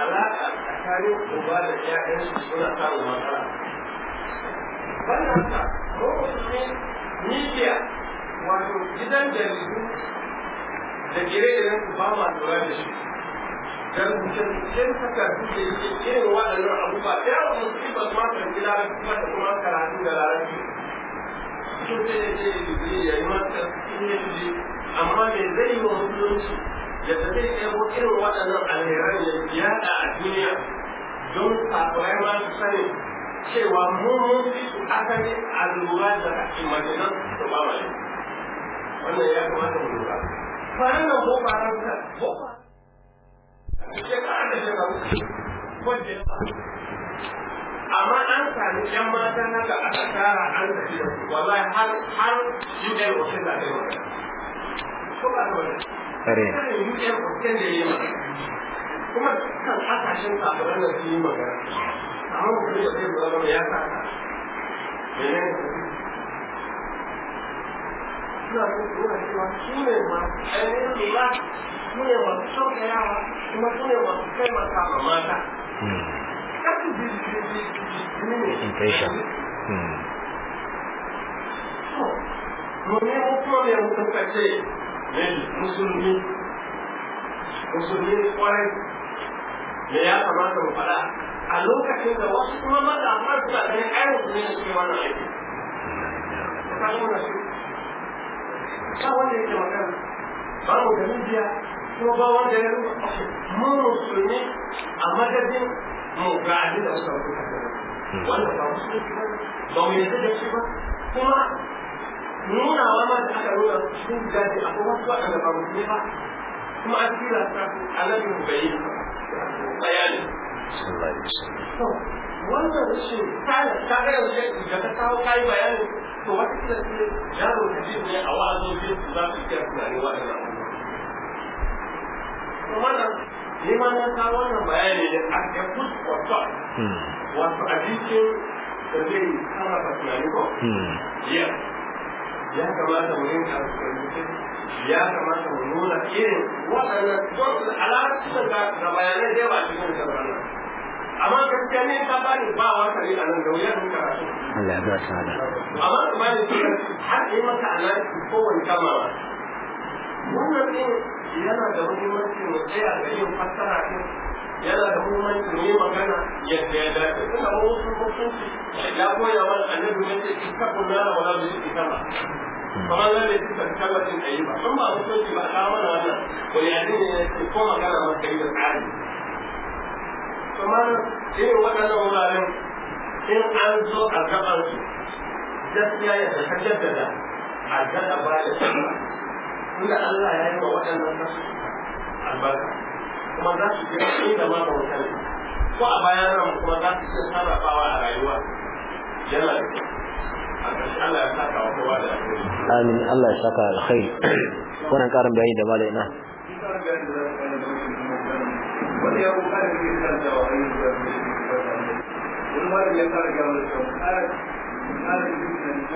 alaƙa tsakanin uba da ƴaƴan su suna samun matsala wannan sa ko musulmi media wato gidan jaridu da gire-giren su ba ma lura da shi dan mutum saka suke irin waɗannan abubuwa da yawan musulmi ba su masa gida ba da kuma karatu da larabci su ne ne digiri ya yi masa ingilishi amma me zai yi wa ya tafi ɗaya irin waɗannan alheran ya yaɗa a duniya don kafirai ma su sani cewa mun mun fi su asali a lura da imajinan su ba wannan ya kamata mu lura. Farannan ko faransa ko amma an sami yan matan haka aka tara an tafi da su wallahi har har yuɗe wasu da ɗaya ko ba ta wani kare yuɗe wasu da yi ma kuma kan hasashen sabarar da su yi magana amma mutum da zama ya sa menene suna so su wani su ne ma ainihin su ne bi hmm. hmm. a lokacin shugaban garin mu musulmi a madadin mu ga da suka kuka da hmm. wanda ba ba mu yadda da shi ba kuma nuna wa ma aka nuna cikin jaji a kuma su waɗanda ba musulmi ba kuma an tura ta alabi mu bai bayani wannan shi ta ga yaushe da ka kawo kayi bayani to wata kila ce yaro da ne a wa'azin su za su iya tunanin waɗannan ba. wannan neman na kawo wannan bayani ne a a push for thought hmm. wato da zai sarrafa tunani ko hmm. yes ya kamata mu yin ya kamata mu nuna irin waɗannan don cikin da bayanai da yawa a cikin sabarar nan amma gaskiya ne ba wata ne a nan da wuya mun karatu Allah ya ta amma kuma ne har yi maka kowane kamawa wannan ne yana da muhimmanci mu tsaya da yin fassara yana da muhimmanci mu yi magana yadda ya dace wasu hukunci ya koya annabi ka kamar ne suka ba ba hukunci ba ta mana wannan ne ko magana ma kai da tsari irin waɗannan wuraren in an zo a gaban su gaskiya ya da a gaba da tunda Allah ya yi wa waɗannan nasu albarka kuma za su je inda ma bautar ko a bayan ran kuma za su iya sarrafawa a rayuwa yana Allah ya saka wa kowa da amin Allah ya saka alheri wannan karin bayani da malai na wani da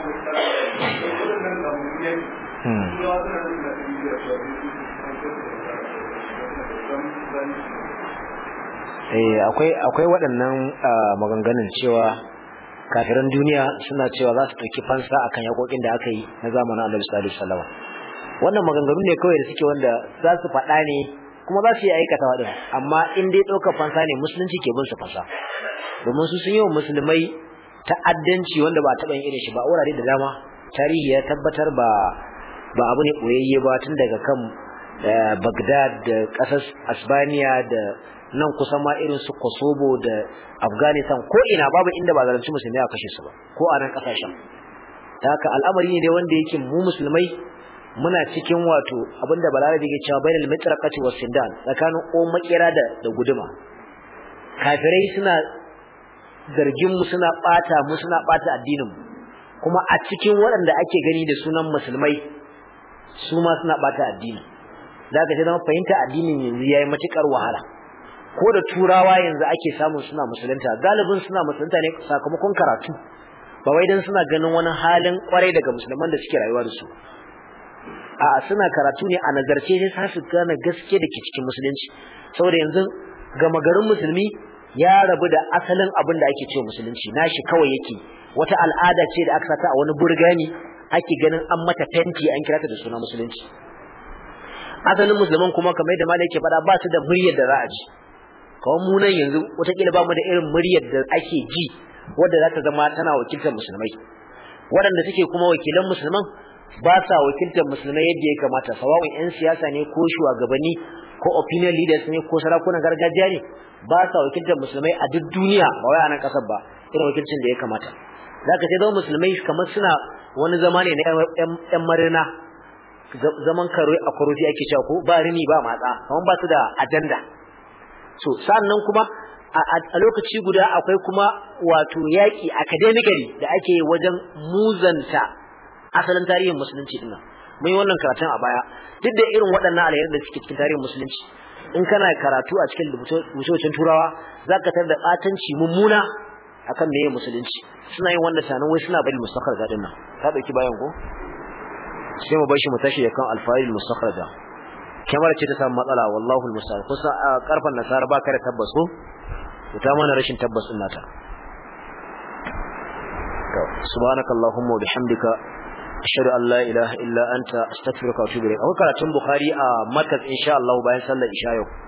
wani wani ya Eh, akwai waɗannan maganganun cewa kafiran duniya suna cewa za su ɗauki fansa akan yakokin da aka yi na zamanin annabi sallallahu alaihi wasallam wannan maganganun ne kawai da suke wanda za su faɗa ne kuma za su yi aikata waɗin amma in dai ɗaukar fansa ne musulunci ke bin su fansa domin su sun yi wa musulmai ta'addanci wanda ba a taɓa yin irin shi ba a wurare da dama tarihi ya tabbatar ba ba abu ne koyayye ba tun daga kan eh, Bagdad da ƙasar Asbaniya da nan kusa ma irin su Kosovo da Afghanistan ko ina babu inda ba zalunci musulmai a kashe su ba ko a nan ƙasashen ta haka al'amari ne wanda yake mu musulmai muna cikin wato abinda balarabe ke cewa bainal mitraqati was sindan tsakanin o makira da da guduma kafirai suna zargin mu suna bata mu suna bata addinin mu kuma a cikin waɗanda ake gani da sunan musulmai su ma suna bata addini ka ji zama fahimta addinin yanzu ya yi matukar wahala ko da turawa yanzu ake samu suna musulunta galibin suna musulunta ne sakamakon karatu ba wai dan suna ganin wani halin kwarai daga musulman da suke rayuwa da su a suna karatu ne a nazarce sai sa su gane gaske da ke cikin musulunci saboda yanzu gama garin musulmi ya rabu da asalin abin da ake cewa musulunci nashi kawai yake wata al'ada ce da aka sata a wani burgani ake ganin an mata fenti an kira ta da suna musulunci asalin musulman kuma kamar yadda malai ke faɗa ba su da muryar da za a ji kawai mu yanzu wataƙila ba mu da irin muryar da ake ji wadda za ta zama tana wakiltar musulmai waɗanda suke kuma wakilan musulman ba sa wakiltar musulmai yadda ya kamata sawa'un 'yan siyasa ne ko shugabanni ko opinion leaders ne ko sarakunan gargajiya ne ba sa wakiltar musulmai a duk duniya ba wai a nan ƙasar ba irin wakilcin da ya kamata zaka sai zama musulmai kamar suna wani zama ne na ƴan marina zaman karo a kwarofi ake cewa ko ba rini ba matsa kamar ba su da ajanda so sannan kuma a lokaci guda akwai kuma wato yaƙi academically da ake wajen muzanta asalin tarihin musulunci dinnan mun yi wannan karatun a baya duk da irin waɗannan alayyar da suke cikin tarihin musulunci in kana karatu a cikin rubutocin turawa za ka tar da ɓatanci mummuna akan meye musulunci suna yin wanda sanan wai suna bari mustakhraj din nan ka dauki bayan ko sai mu bashi mu tashi da kan alfa'il mustakhraja kamar ce ta samu matsala wallahu almusta'an kusa karfan nasar ba ka da tabbas ko ta mana rashin tabbas din nata subhanaka allahumma wa bihamdika ashhadu an la ilaha illa anta astaghfiruka wa atubu ilayk akwai karatun bukhari a makkah insha Allah bayan sallar isha yau